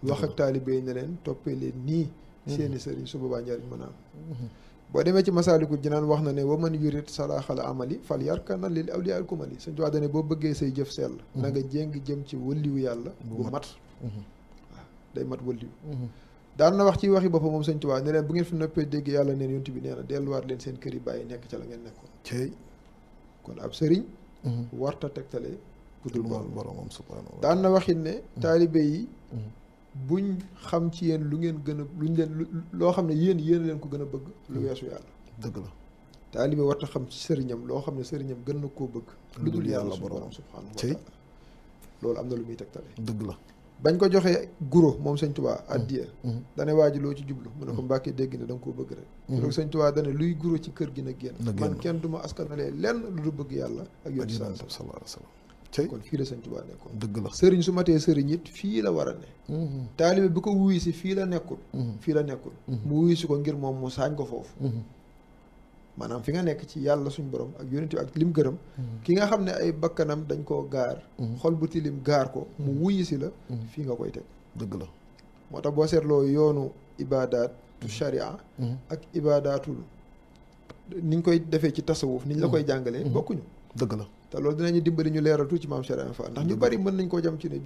wax ak taalibe yi ne leen toppee leen nii seeni serigne su boobaa njariñ mën bo am ci masaliku jinan wax na ne wa man yurit salaaxal amali fal yarkana lil awliya al kumali suñ tuwaa dane bo bëggé sey jëf sel na nga jéng jëm ci wu yalla bu mat mhm. day mat wëlliwu mhm. daan na wax ci waxi bopam moom sëñ Tuubaa ne leen bu ngeen fi noppé dégg yalla né yontu bi néna na delluwaat leen seen kër yi bàyyi nekk ci la ngeen nekkoon cey kon ab serigne mhm. warta tektalé kudul dul borom moom subhaanahu daan na waxine ne yi buñ xam ci yéen lu ngeen gën a lu luñ leen loo xam ne yéen yéen leen ko gën a bëgg lu hmm. weesu yàlla dëgg la taalibe warta xam ci sëriñam loo xam ne sëriñam gën na koo bëgg lu dul yàlla borom subhaanahu wa taala loolu am na lu muy tegtale dëgg la bañ ko joxee guro moom sëñ tubaa hmm. addiya hmm. dane waa loo ci jublu mu ne ko mbàkkee dégg ne da nga koo bëgg rek mu ne ko sëñ tubaa dane luy guro ci kër gi na génn man kenn du ma askanalee lenn lu du bëgg yàlla ak yonent bi sallallahu alayhi wa sallam kon fii la sëñ Tuubaa nekkoon dëgg la sëriñ su matee sëriñ it fii la war a ne mm-hmm. taalibe bi ko wuyu fii la nekkul mm-hmm. fii la nekkul mm-hmm. mu wuyu ko ngir moom mu saañ ko foofu maanaam fi nga nekk ci yàlla suñ borom ak yonent ak lim gërëm ki nga xam ne ay bakkanam dañ koo gaar xol bu tilim gaar ko mu wuyu si la fii nga koy teg dëgg la moo tax boo seetloo yoonu ibaadaatu sharia ak ibaadaatul niñ koy defee ci tasawuf niñ la koy jàngalee bokkuñu dëgg la ta loolu dinañu dimbali ñu leeral tuuti ci mam Cheikh Ibrahima ndax ñu mm-hmm. bari mën nañ ko jam ci ne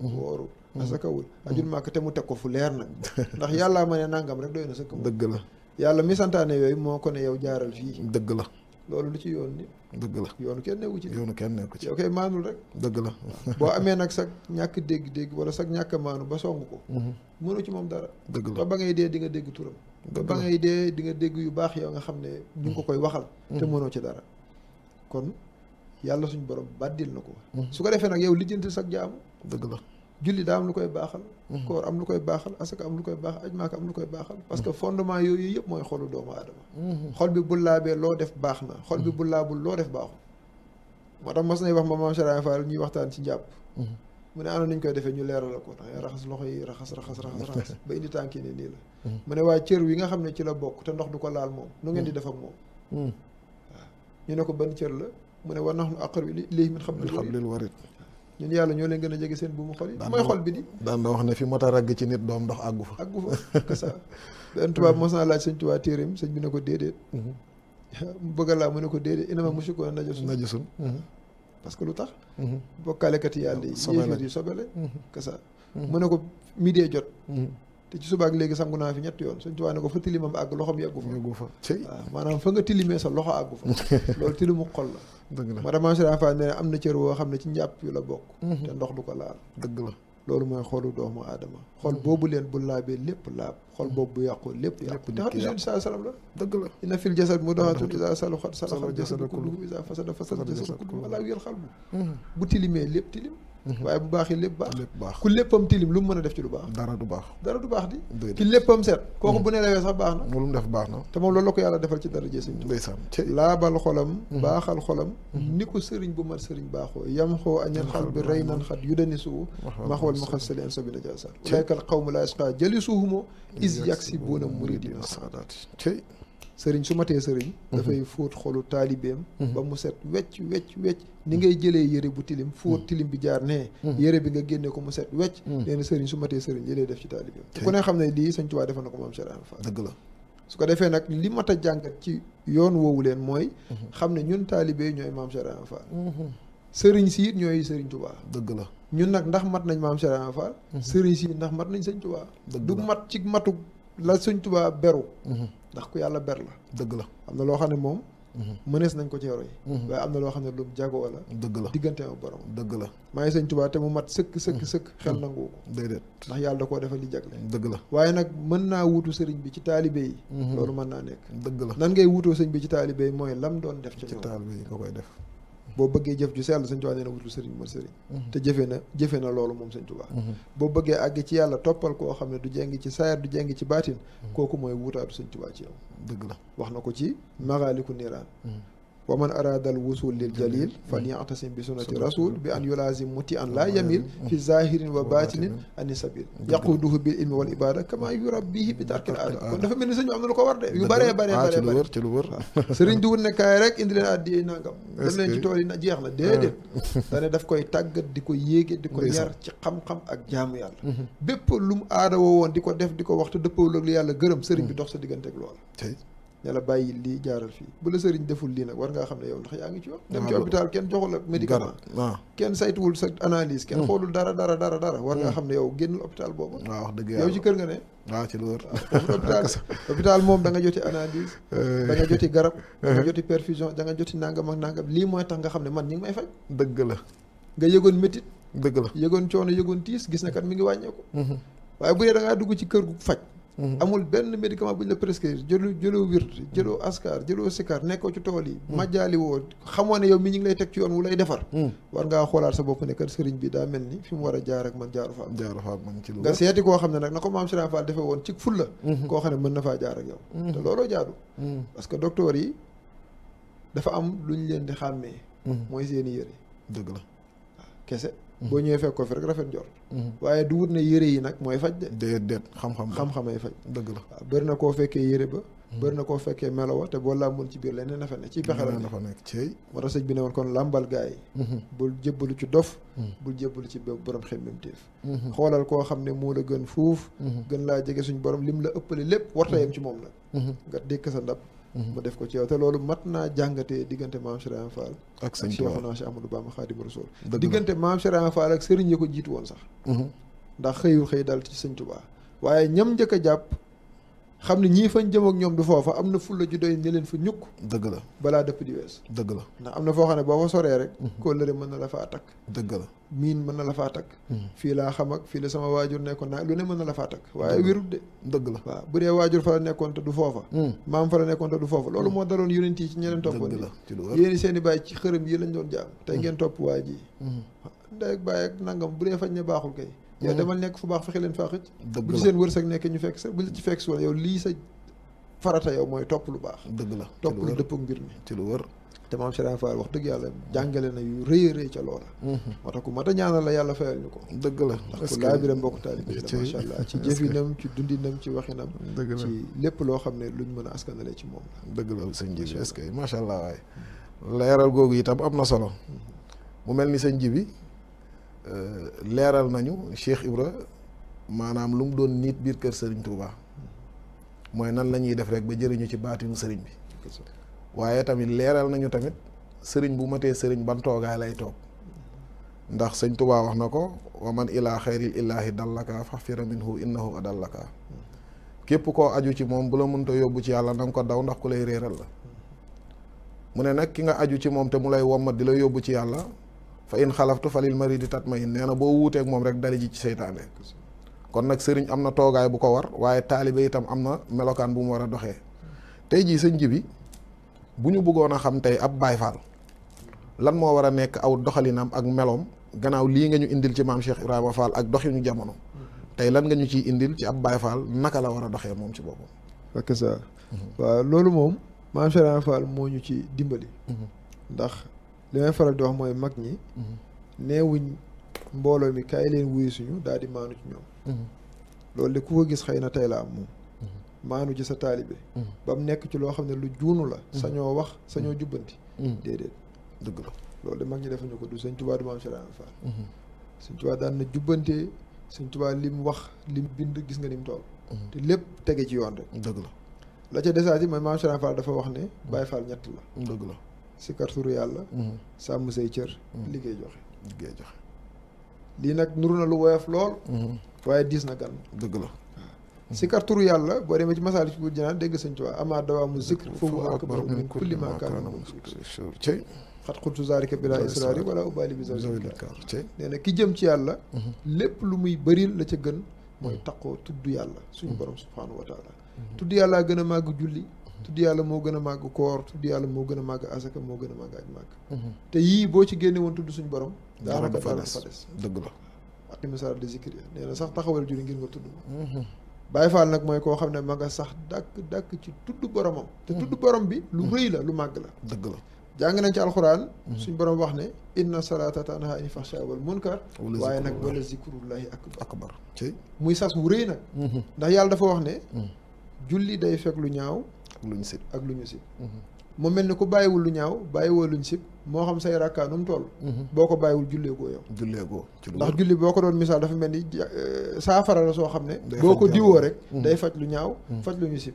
woru asaka asakawul ajul ma te temu teg ko fu leer nak ndax yalla ma ne nangam rek doyna sa ko deug la yalla mi santane yoy mo ko ne yow jaaral fi deug la lolou lu ci yoon ni deug la yoon kenn nekku ci yoon kenn nekku ci okay manul rek deug la bo amé nak sak ñak dégg-dégg wala sak ñàkk manu ba songu ko mm-hmm. mënu ci mom dara deug la ba ngay dé di nga dégg turam ba ngay dé di nga dégg yu bax yow nga xamné ne ñu ko koy waxal te mm-hmm. mënoo ci dara kon yàlla suñu borom bàddil na ko mhm. su ko defee nag yow lijjanti sag jaamu dëgg la julli daa am lu koy baaxal mhm. koor am lu koy baaxal asaka am lu koy baax ajmaaka am lu koy baaxal parce que mhm. fondement yooyu yëpp mooy xolu doomu aadama xol bi bu laabee loo def baax na xol bi bu laabul loo def baaxul moo tax mas nay wax ma maam Chara Fall ñuy waxtaan ci njàpp mu ne anoon nañ koy defee ñu leeral ko dangay raxas loxo yi raxas raxas raxas raxas ba indi tànk yi ne nii la mu ne waa cër wi nga xam ne ci la bokk te ndox du ko laal moom nu ngeen di def ak moom ñu ne ko ban cër la mu ne war nax nu aqar bi léegi min xam lil warit ñun yàlla ñoo leen gën a jege seen buumu xol yi mooy xol bi di daan na wax ne fi mot ragg ci nit doom ndox àggu fa àggu benn tubaab mos naa laaj bi ne ko déedéet mhm. bëgg laa mu ne ko déedéet inama musiko najasun najasun mhm. que lu tax mhm. bokkaalekat yi yàlla yi yi sobele que ça mu ne ko midee jot te ci subaak léegi sangu naa fi ñetti yoon suñ tubaab ne ko fa tilimam àgg loxoom yàggu fa maanaam fa nga tilimee sa loxo àggu fa loolu tilimu xol la dëgg la maanaam Maam Faal nee na am na cër woo xam ne ci njàpp yu la bokk te ndox du ko laal dëgg la loolu mooy xoolu doomu aadama xool boobu leen bu laabee lépp laab xool boobu bu yàqu lépp yàqu te xam ne saa salam la dëgg la inna fil jasad mudaxatun isa saluxat salaxal jasadu kulluhu isa fasada fasada jasadu kulluhu alaa wiyal xalbu bu tilimee lépp tilim waaye bu baax yi lépp baax lépp baax ku léppam tilim lu mu mën a def ci lu baax dara du baax dara du baax di ki léppam seet kooku bu ne lewee sax baax na lu mu def baax na te moom loolu la ko yàlla defal ci dara jësiñ ndeysaan laabal xolam baaxal xolam ni ko sëriñ bu mat sëriñ baaxoo yam xoo añan xal bi rey nan xat yu dani suu maxawal ma xas sali an sabi najasan ulaykal xawmu la yasqa jëli suuhumo is yag si buuna muridina saadaati sëriñ su matee sëriñ mhm. dafay fóot xolu taalibeem mhm. ba mu set wecc wecc wecc ni ngay jëlee yére bu tilim fóot mhm. tilim bi jaar nee yére bi nga génnee ko mu set wecc nee na sëriñ su matee sëriñ li def ci taalibeem xam ne lii sëñ Tuubaa ko maam Cheikh la su ko defee nag li mat a jàngat ci yoon woowu leen mooy xam ne ñun taalibee ñooy maam Cheikh Fall sëriñ si it ñooy sëriñ Tuubaa dëgg la ñun nag ndax mat nañ maam Cheikh Fall sëriñ si ndax mat nañ sëñ Tuubaa du mat ci matu la sañ Tuubaa beru ndax ku yàlla ber la. dëgg la am na loo xam ne moom. Mhm. mënees nañ ko ci roy mhm. waaye am na loo xam ne lu jagoo la. dëgg la digganteem ak borom. dëgg la maa ngi sëñ te mu mat sëkk sëkk mhm. sëkk xel nangu ko. déedéet ndax yàlla da koo defal li jagle. dëgg la waaye nag mën naa wuutu sëriñ bi ci taalibe yi. loolu mën naa nekk. dëgg la nan ngay wutoo sëriñ bi ci taalibe yi mooy lam doon def. ci taalibe yi nga koy def. boo bëggee jëf ju sell sëñ Tuubaa nee na wutul sëriñ bu mat sëriñ mhm. te jëfe na jëfe na loolu moom sëñ Tuubaa mhm. boo bëggee àgg ci yàlla toppal koo xam ne du jeng ci saayar du jeng ci baatin mhm. kooku mooy wutaatu sëñ Tuubaa ci yow dëgg la wax na ko ci magaaliku niiraan ومن أراد الوصول للجليل فليعتصم بسنة الرسول بأن يلازم متي أن لا يميل في ظاهر وباطن عن السبيل يقوده بالعلم والإبادة كما يربيه بترك الآلة آه. كنا فمن نسان يعمل لك ورد يباري يباري يباري آه، تلور تلور سرين دون نكايرك إن دلنا آه. دي ناقم لم نجتوع لنا جيخ لديد تاني دفك يتاق ديكو ييك ديكو يار تقم قم أجام يال بيبو لوم آدو ووان ديكو دف ديكو وقت دبو لغليا لغرم سرين بدوخ سدقان تقلوال ne la bàyyi lii jaaral fii bu la sëriñ deful lii nag war ngaa xam ne yow ndax yaa ngi ci yoon dem ci hôpital kenn joxu la médicament waaw kenn saytuwul sa analyse kenn hmm. xoolul dara dara dara dara war ngaa hmm. xam ne yow génnul hôpital boobu waaw wax dëgg yow ci kër nga ne waaw ci loolu ah, hôpital moom da nga joti analyse eh. da nga joti garab da nga eh. joti perfusion da nga joti nangam ak nangam lii mooy tax nga xam ne man ñi may faj dëgg la nga yëgoon métit dëgg la yëgoon na kat mi ngi wàññeeku hmm. waaye bu dee da ngaa dugg ci Mhm. amul benn médicament bu ñu la prescrire jëlu jëloo wird jëloo mhm. askar jëloo sikar nekkoo ci tool yi mhm. majjaali woo xamoo ne yow mi ñu ngi lay teg ci yoon wu lay defar war ngaa xoolaat sa bopp ne kat sëriñ bi daa mel ni fi mu war a jaar ak man jaaru fa jaaru fa man ci lu nga seeti koo xam ne nag na ko maam Sëriñ Fall defee woon ci fulla koo faa jaar ak yow te looloo jaadu parce que yi dafa am lu ñu leen di xàmmee mooy seen i yëre dëgg la kese boo ñëwee fekk ko fi rek rafet njort waaye du wut ne yére yi nag mooy faj de déedéet xam-xam xam-xamay faj dëgg la waaw bëri na koo fekkee yére ba bëri na koo fekkee melowa te boo làmboon ci biir leneen dafa ne ci pexe la dafa nekk cey moo tax sëñ bi ne woon kon làmbal gaa yi bul jébbalu ci dof bul jébbalu ci borom xemmem téef xoolal koo xam ne moo la gën fuuf gën laa jege suñ borom lim la ëppale lépp warta yem ci moom nag nga dékk sa ndab mu def ko ci yow te loolu mat naa jàngatee diggante maam Chérif Fall ak sëñ Cheikhouna Cheikh Amadou Bamba Khadimou ak sëriñ yi ko jiitu woon sax mhm. ndax xëyul xëy dal ci sëñ Touba waaye ñam njëkk a jàpp xam ne ñii fañ jëm ak ñoom du foofa am na fulla ju doy ne leen fa ñukk dëgg la balaa dëpp di wees dëgg la ndax am na foo xam ne boo fa soree rek mhm. kóllëre mën na la faa takk dëgg la miin mën na la faa takk mhm. fii laa xam ak fii la sama waajur nekkoon naa lu ne mën na la faa takk waaye wérut de dëgg la waaw bu dee waajur fa la nekkoon te du foofa mhm. maam fa la nekkoon te du foofa loolu moo daloon yonent yi ci ñeneen toppoon yéeni seen i bàyyi ci xërëm yi lañ doon jaam tey ngeen topp waa ji ndey nangam bu dee fañ ne baaxul kay yow demal nekk fu baax fexe leen faa xëcc bu ci seen wërsëg nekk ñu fekk sa bu la ci fekk si wala yow lii sa farata yow mooy topp lu baax dëgg la topp lu dëpp mbir mi ci lu wër te maam Serigne Fall wax dëgg yàlla jàngale na yu rëy a rëy ca loola mhm. moo tax ku mat a ñaanal la yàlla fayal ñu ko dëgg la ndax ku laa biram mbokk taalib bi la macha allah ci jëfinam ci dundinam ci waxinam dëgg la ci lépp loo xam ne luñ mën a askanale ci moom la dëgg la sëñ ji bi est-ce que macha allah waaye leeral googu itam am na solo mhm. mu mel ni sëñ ji bi Euh, leeral nañu Cheikh Ibra maanaam lu mu doon nit biir kër sëriñ Touba mooy nan lañuy def rek ba jëriñu ci baatinu sëriñ bi waaye tamit leeral nañu tamit sëriñ bu matee Serigne ban toogaay lay toog ndax sëñ Touba wax na ko wa man ilaa xayril illaahi dallaka faxfira minhu innahu adallaka képp koo aju ci moom bu la mënta yóbbu ci yàlla na ko daw ndax ku lay réeral la mu ne nag ki nga aju ci moom te mu lay wommat di la yóbbu ci yàlla فإن خلفت فللمريض تطمئن نانا بو ووتيك موم رك دالي جي سيطان رك كون نك سيرن امنا توغاي بو كو وار واي طالب ايتام امنا ملوكان بو مورا دوخي تاي جي سيرن جيبي بو ني بوغونا خام تاي اب باي فال لان مو ورا نيك او دوخالينام اك ملوم غناو لي غا ني انديل تي مام شيخ ابراهيم فال اك دوخي ني جامونو تاي لان غا ني تي انديل تي اب باي فال نكا لا ورا دوخي موم تي بوبو فكسا وا لولو موم مام شيخ ابراهيم فال مو ني تي ديمبالي ndax li may faral di wax mooy mag ñi mhm. neewuñ mbooloo mi kaay leen wuyu suñu daal di maanu ci ñoom mhm. loolu de ku ko gis xëy na tey la am moom mhm. maanu ci sa taalibe ba nekk ci loo xam ne lu juunu la sa ñoo wax sañoo jubbanti déedéet dëgg la loolu de mag ñi ñu ko du sëñ Tuubaa du maam Sëriñ Faal sëñ Tuubaa daan na jubbantee sëñ Tuubaa lim wax lim bind gis nga ni mu toll te lépp tege ci yoon rek dëgg la la ca desaat yi mooy maam Sëriñ Faal dafa wax ne Baay Faal ñett la dëgg la si karturu yàlla mhm. sàmm say cër mhm. liggéey joxe liggéey joxe lii nag nuru na lu woyof lool mhm. waaye diis na gan dëgg la si karturu yàlla boo demee ci masaal ci buur janaan dégg sëñ Tuubaa amaa dawaa mu zikr foofu akbar min kulli maa kaana moom xat xultu zaalika bilaa israari wala ubaali bi zawlika nee na ki jëm ci yàlla lépp lu muy bëril la ca gën mooy taqoo tudd yàlla suñu borom subhaanahu wa taala tudd yàllaa gën a màgg julli tudd yàlla moo gën a màgg koor tudd yàlla moo gën a màgg asaka moo gën a màgg ak màgg mhm. te yii boo ci génne woon tudd suñu borom daanaka daanaka fa des dëgg la ak misaal di zikir ya nee na sax taxawal julli ngir nga tudd ma mhm. Baay Faal nag mooy koo xam ne ma nga sax dàkk dàkk ci tudd boromam te mhm. tudd borom bi lu rëy la lu màgg la dëgg la jàng nañ ci alxuraan suñ borom wax ne inna salata tanha ani fahsha wal munkar waaye nag wala zikrullahi akbar muy sas wu rëy nag ndax yàlla dafa wax ne julli day fekk lu ñaaw lu ñu sib ak lu ñu sib mhm. mu mel ni ku bàyyiwul lu ñaaw bàyyiwoo luñ sib moo xam say rakkaa nu mu toll mhm. boo ko bàyyiwul julleegoo yow julleegoo ndax julli boo ko doon misaal dafa mel ni eh, saafara la soo xam ne boo ko diwoo rek mhm. day faj lu ñaaw faj lu ñu sib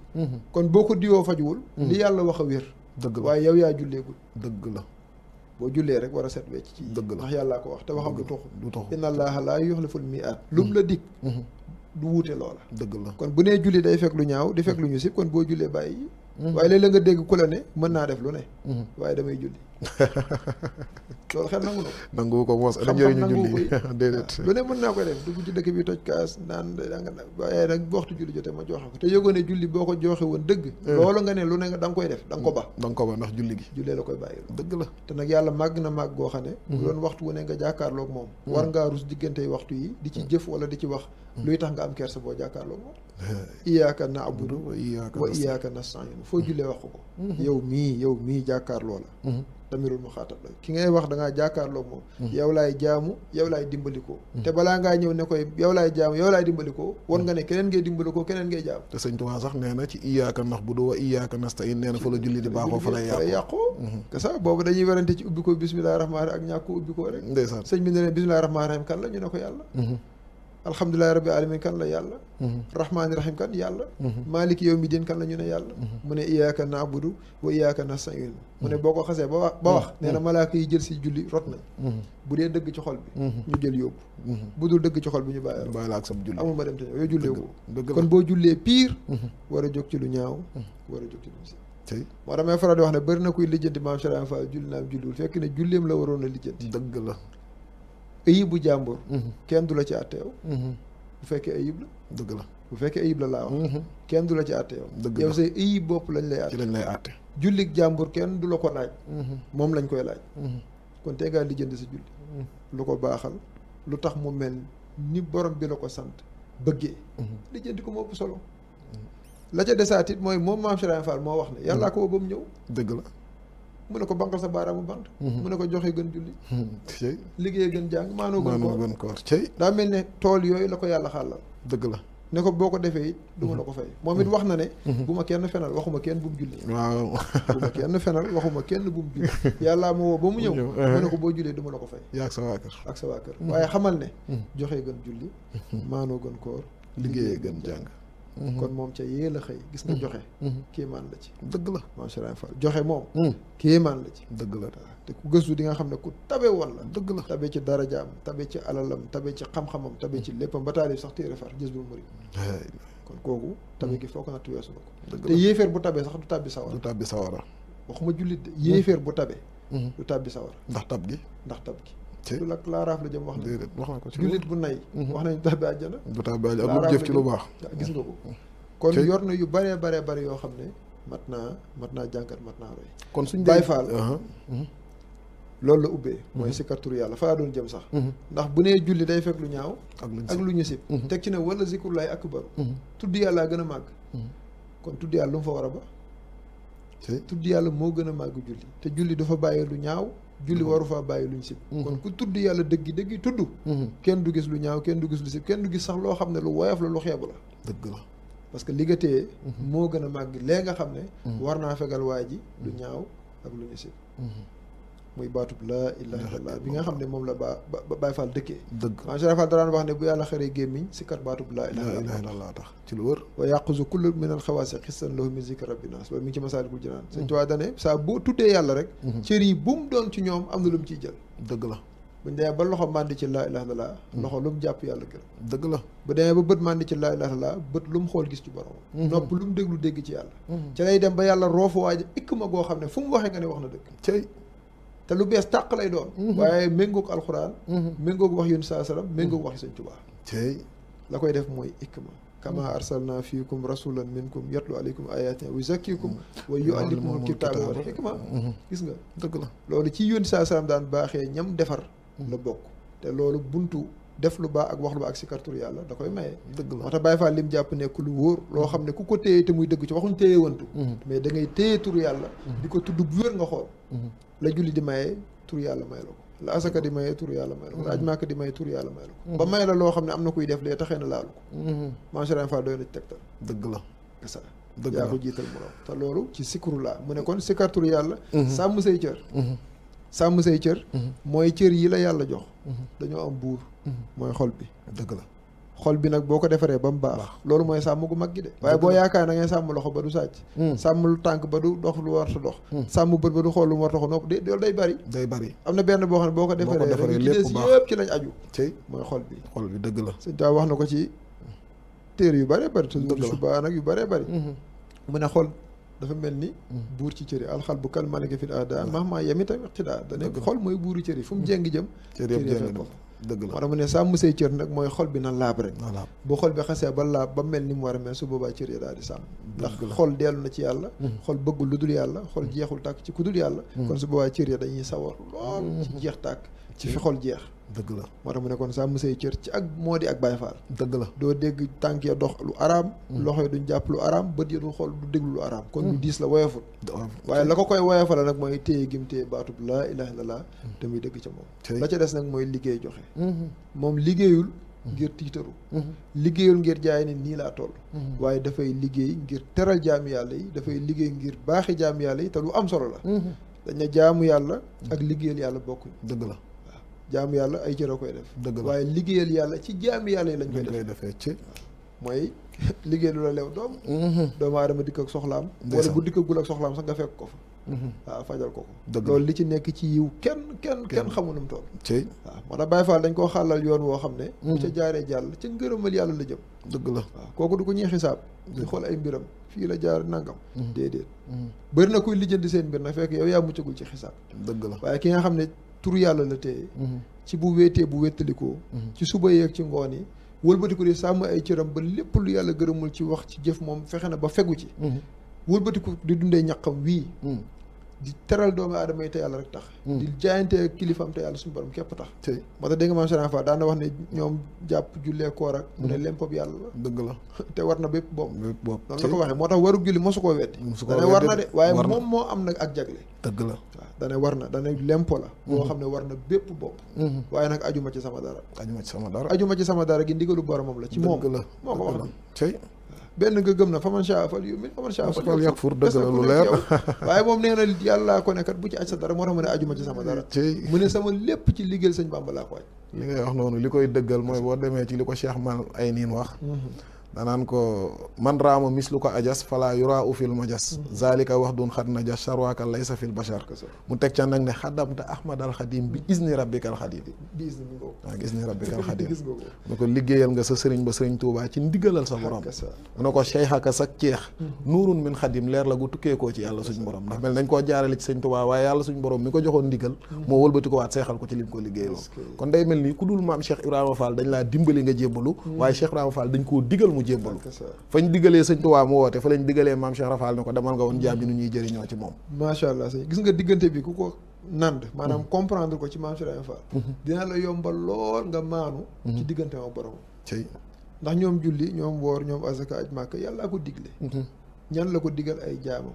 kon boo ko diwoo fajuwul li yàlla wax a wér dëgg la waaye yow yaa julleegul dëgg la boo jullee rek war a set wecc ci dëgg la ndax yàllaa ko wax te waxam du tuxu du tuxu inna allaha laa yuxliful lu mu la dig du wuute lool dëgg la kon bu nee julli day fekk lu ñaaw di fekk lu ñu sib kon boo jullee bàyyi. Mhm. waaye léeg-léeg nga dégg ku la ne mën naa def lu ne. Mhm. waaye damay julli. loolu xel nangu na ko. nangu ko moos ana njëriñu julli déedéet lu ne mën koy def dugg ci dëkk bi toj kaas naan da nga waaye nag waxtu julli jotee ma joxe ko te yëgoon ne julli boo ko joxe woon dëgg. Eh. loolu nga ne lu ne da koy def da nga ko ba. Mm, da ko ba ndax julli gi. jullee la koy bàyyi dëgg la. te nag yàlla màgg na màgg goo xam ne. bu mm-hmm. doon waxtu wu ne nga jàkkaarloog moom. Mm. war ngaa rus diggante waxtu yi di ci mm. jëf wala di ci wax. luy tax nga am kersa boo jàkkaarloog iyaaka na abudu wa iyaaka na sayin foo jullee wax ko mhm. yaw mii yow mii jàkkaarloo la mhm. damirul mu xaatab la ki ngay wax da ngaa jàkkaarloo moom mhm. yow laay jaamu yow laay dimbalikoo ko balaa ngaa ñëw ne koy yow laay jaamu yow laay dimbalikoo war nga ne keneen ngay dimbalikoo keneen ngay jaamu te sëñ Tuubaa sax nee na ci iyaaka nax bu doo wa iyaaka nastayin nee na fa la julli di baaxoo fa lay yàqoo que boobu dañuy werante ci ubbi ko bisimilahi rahmaani ak ñàkk ko ubbi ko rek ndeysaan bi ne leen bisimilahi rahmaani rahim kan ne ko yàlla alhamdulilahi rabbi alamin kan la yàlla mhm. rahmaani rahim kan yàlla mhm. maaliki yow mi kan la ne yàlla mhm. mu ne iyaaka naabudu wa iyaaka nastain mu ne boo ko xasee ba wax ba wax nee na malaaka yi jël si julli rot nañ bu dee dëgg ci xol bi ñu jël yóbbu bu dul dëgg ci xol bi ñu bàyyi la ak sam julli amul ma dem te ñëw yow a jóg a jóg julli naam fekk ne julleem la waroon a dëgg la ayibu jàmbur. Mhm. kenn du la ci àtteew. Mhm. bu fekkee ayib la. dëgg la bu fekkee ayib la laa wax. Mhm. kenn du la ci àtteew. dëgg la yow say ayib bopp lañ lay àtte. lañ lay àtte. jullik jàmbur kenn du la ko laaj. moom lañ koy laaj. kon tey ngaa lijjanti sa julli. lu ko baaxal lu tax mu mel ni borom bi la ko sant bëggee. lijjanti ko moo ëpp solo. la ca desaat it mooy moom maam Serigne Fall moo wax ne. yàllaa ko ba mu ñëw. mu ne ko banqal sa baaraamu bant mhm. mu ne ko joxe gën julli mhm. cey liggéey gën jàng maanoo gën koor gën koor cey daa mel ne tool yooyu la ko yàlla xàllal dëgg la ne ko boo ko defee it du la mhm. ko fay moom it wax na ne bu ma kenn fenal waxuma kenn bu mu julli waaw bu ma kenn fenal yàllaa ma woo ba mu ñëw mu ne eh. ko boo jullee du la ko fay yaa ak sa waa kër ak sa waa kër waaye xamal ne joxe gën julli maanoo gën koor liggéeyee gën jàng Mm-hmm. kon moom ca yee la xëy gis nga mm-hmm. joxe mm-hmm. kéemaan la ci dëgg la maam Cheikh Fall joxe moom mm. kéemaan la ci dëgg la te ku gëstu di nga xam ne ku tabe woon la dëgg la tabe ci darajaam tabe ci alalam tabe ci xam-xamam tabe ci léppam ba taalif sax téere far gis bu murid kon kooku tabe mm. gi foo ko natt weesu na ko te yéeféer bu tabe sax du tàbbi sawara du tàbbi sawara waxuma jullit de yéeféer bu tabe du tàbbi sawara ndax tab gi ndax tab gi du la laaraaf la jëm wax déedéet wax ko ci jullit bu nay mhm. wax nañu tax bi àjjana du tax bi àjjana ak lu jëf ci lu baax gis nga ko mhm. kon yor na yu bëree baree bëri yoo xam ne mat naa mat naa jàngat mat naa roy kon suñ Baay Faal mhm. loolu la ubbee mooy sikkar tur yàlla fa doon jëm sax ndax bu nee julli day fekk lu ñaaw ak lu ñu sib teg ci ne wala ak akbar tudd yàllaa gën a màgg kon tudd yàlla lu mu fa war a ba tudd yàlla moo gën a màgg julli te julli dafa bàyyi lu ñaaw julli waru faa bàyyi lu ñu sib mhm. kon ku tudd yàlla dëggi dëggi tudd mhm. kenn du gis lu ñaaw kenn du gis lu sib kenn du gis sax loo xam ne lu woyof la lu xeebu la dëgg la parce que li nga mhm. moo gën a màgg lee nga xam ne war naa fegal waa ji lu ñaaw ak lu ñu sib muy baatub laa ilaha illallah bi nga xam ne moom la ba ba Baye Fall dëkkee. dëgg maam Cheikh Fall daraan wax ne bu yàlla xëree gémmiñ si baatub laa ilaha illallah tax ci lu wër wa yaqusu kullu min al xawaasi xistan lahu min zikri rabbina loolu mi ngi ci masaalikul jinaan mm. sëñ Tuubaa dane saa boo tuddee yàlla rek mm-hmm. cër yi bu mu doon ci ñoom am na lu mu ciy jël dëgg la bu ñu demee ba loxo màndi ci laa ilaha illallah mm. loxo lu mu jàpp yàlla gërëm dëgg la bu demee ba bët màndi ci laa ilaha illallah bët lu te lu bees tàq lay doon. Mhm. waaye méngoog alxuraan. Mhm. méngoog wax yun saa salaam méngoog waxi Sëñ Tuubaa. tey la koy def mooy ikma. kama mhm. arsalna fiikum rasulan minkum yatlu aleykum ayatina wa zakkikum wa yuallikumul kitaaba wal hikma gis nga. dëgg la loolu ci yun saa salaam daan baaxee ñam defar. la bokk te loolu buntu. def lu baax ak wax lu baax ak si kartur yàlla da koy maye. dëgg la moo tax Baye Fall lim jàpp nekk lu wóor loo xam ne ku ko téye te muy dëgg ci waxuñ téye wantu mm-hmm. mais da ngay téye tur yàlla mm-hmm. di ko tudd bu wér nga xool mm-hmm. la julli di maye tur yàlla maye la ko na kuy def lee taxee na laalu ko mancherain fa doy na ci tegtal dëgg la loolu ci sikar tur yàlla sàmm say cër mooy cër yi la yàlla jox dañoo am buur mooy xol bi dëgg la xol bi nag boo ko defaree ba mu baax loolu mooy sàmm gu mag gi de waaye boo yaakaar na ngay sàmm loxo ba du sàcc hmm. sàmm lu tànk ba du dox lu war a dox hmm. sàmm bët ba du xool lu mu war a nopp de loolu day bari day bari am na benn boo xam ne boo ko defaree lépp yëpp ci lañ aju tey mooy xol bi xol la sëñ Tuubaa wax na ko ci téere yu bëree bëri te subaa nag yu bëree bëri hmm. mu ne xol dafa mel ni buur ci cëri alxal bu kal malaka fi daa daa max maa yemi tamit ci daa da nekk xol mooy buuru cëri fu mu jéngi jëm cëri yëpp dëgg la moo tax mu ne saa musee cër nag mooy xol bi na laab rek bu xol bi xasee ba laab ba mel ni mu war a mel su boobaa cër yi daal di sàmm ndax xol dellu na ci yàlla mm-hmm. xol bëggul lu dul yàlla xol mm-hmm. jeexul tàkk ci ku dul yàlla mm-hmm. kon su boobaa cër yi dañuy sawar lool ci jeex tàkk ci fi xol jeex dëgg la moo tax mu nekkoon sàmm say cër ci ak moo di ak Baye Fall dëgg la doo dégg tànk ya dox lu araam mm. loxo yi duñ jàpp lu araam bët ya du xool du déglu lu araam kon lu mm. diis la woyoful waaye la ko koy woyofal nag mooy téye gim baatu baatub laa ilaha illallah mm. te muy dëgg ca moom la ca des nag mooy liggéey joxe mm-hmm. moom liggéeyul ngir tiitaru mm-hmm. liggéeyul ngir jaay ne nii laa toll mm-hmm. waaye dafay liggéey ngir teral jaam yàlla yi dafay liggéey ngir baaxi jaam yàlla yi te lu am solo la jaamu yàlla ak liggéeyal yàlla bokkuñ dëgg la jaamu yàlla ay cër a koy def. la waaye liggéeyal yàlla ci jaamu yàlla yi lañ koy def lañ koy defee ci. mooy liggéey lu la leew doom. Mm-hmm. doomu aadama dikk ak soxlaam. wala bu dikkagul ak soxlaam sax nga fekk ko fa. Mm-hmm. waaw fajal ko ko. loolu li ci nekk ci yiw kenn kenn kenn xamu nu mu toll. ci waaw moo tax Baye Fall dañ koo xàllal yoon woo xam ne. bu mm-hmm. ca jaaree jàll ca ngërëmal yàlla la jëm. dëgg la waaw kooku du ko ñuy xisaab. di xool ay mbiram fii la jaar nangam. déedéet. bëri na kuy lijjanti seen mbir nag fekk yow yaa muccagul ci xisaab. dëgg la waaye ki nga xam turu yàlla la téye mhm. ci bu wetee bu wéttalikoo mhm. ci suba yeeg ci ngoon yi wëlbatiku di sàmm ay cëram ba lépp lu yàlla gërëmul ci wax ci jëf moom fexe na ba fegu ci mhm. wëlbatiku di dundee ñaqam wii di teral doomu aadama yi te yàlla rek tax. Hmm. di jaayante kilifaam te yàlla suñu borom képp tax. tey moo tax dégg nga maam daan na wax ñoom jàpp jullee koor ak. mu ne hmm. lépp yàlla la. dëgg la te war na bépp bopp. bépp bopp noonu la ko waxee moo tax waru julli mosu koo wetti. mosu koo wetti war na de waaye moom moo am nag ak jagle. dëgg la waaw war na dana lempo la. moo hmm. xam ne war na bépp bopp. waaye nag ajuma ci sama dara. ajuma ci sama dara ajuma ci sama dara gi ndigalu boromam la. ci moom la moo ko wax. na benn nga gëm na fa man saa fal yumin fa man saa fal yakfur dëgg leer waaye moom nee yàllaa ko ne bu ci aj sa dara moo tax mu ne ajuma ci sama dara mu ne sama lépp ci liggéeyal sëñ Bàmba laa ko aj li ngay wax noonu li koy dëggal mooy boo demee ci li ko Cheikh man ay niin wax mm-hmm. danaan ko man raama mislu ko ajas fala yura u fil majas zalika wax dun xad najas charwaaka laysa fil bachar mu teg ca nag ne xadamta ahmad al xadim bi isni rabbikal xadim bi isni rabbikal xadim mu ko liggéeyal nga sa sëriñ ba sëriñ tuubaa ci ndigalal sa borom mu ne ko cheyxaka sa ceex nuurun min xadim leer la gu tukkeekoo ci yàlla suñ borom ndax mel nañ koo jaarale ci sëriñ tuubaa waaye yàlla suñ borom mi ko joxoon ndigal moo mu jébbalu fañ diggalee sëñ Tuubaa mu woote fa lañ diggalee maam Cheikh Rafal ne ko demal nga woon jaam ñi nu ñuy jëriñoo ci moom macha allah sëñ gis nga diggante bi ku ko nand maanaam mm-hmm. comprendre ko ci maam Cheikh Rafal mm-hmm. dina la yombal lool nga maanu ci mm-hmm. diggante ma borom ndax ñoom julli ñoom woor ñoom azaka aj màkk yàlla ko digle ñan la ko digal ay jaamam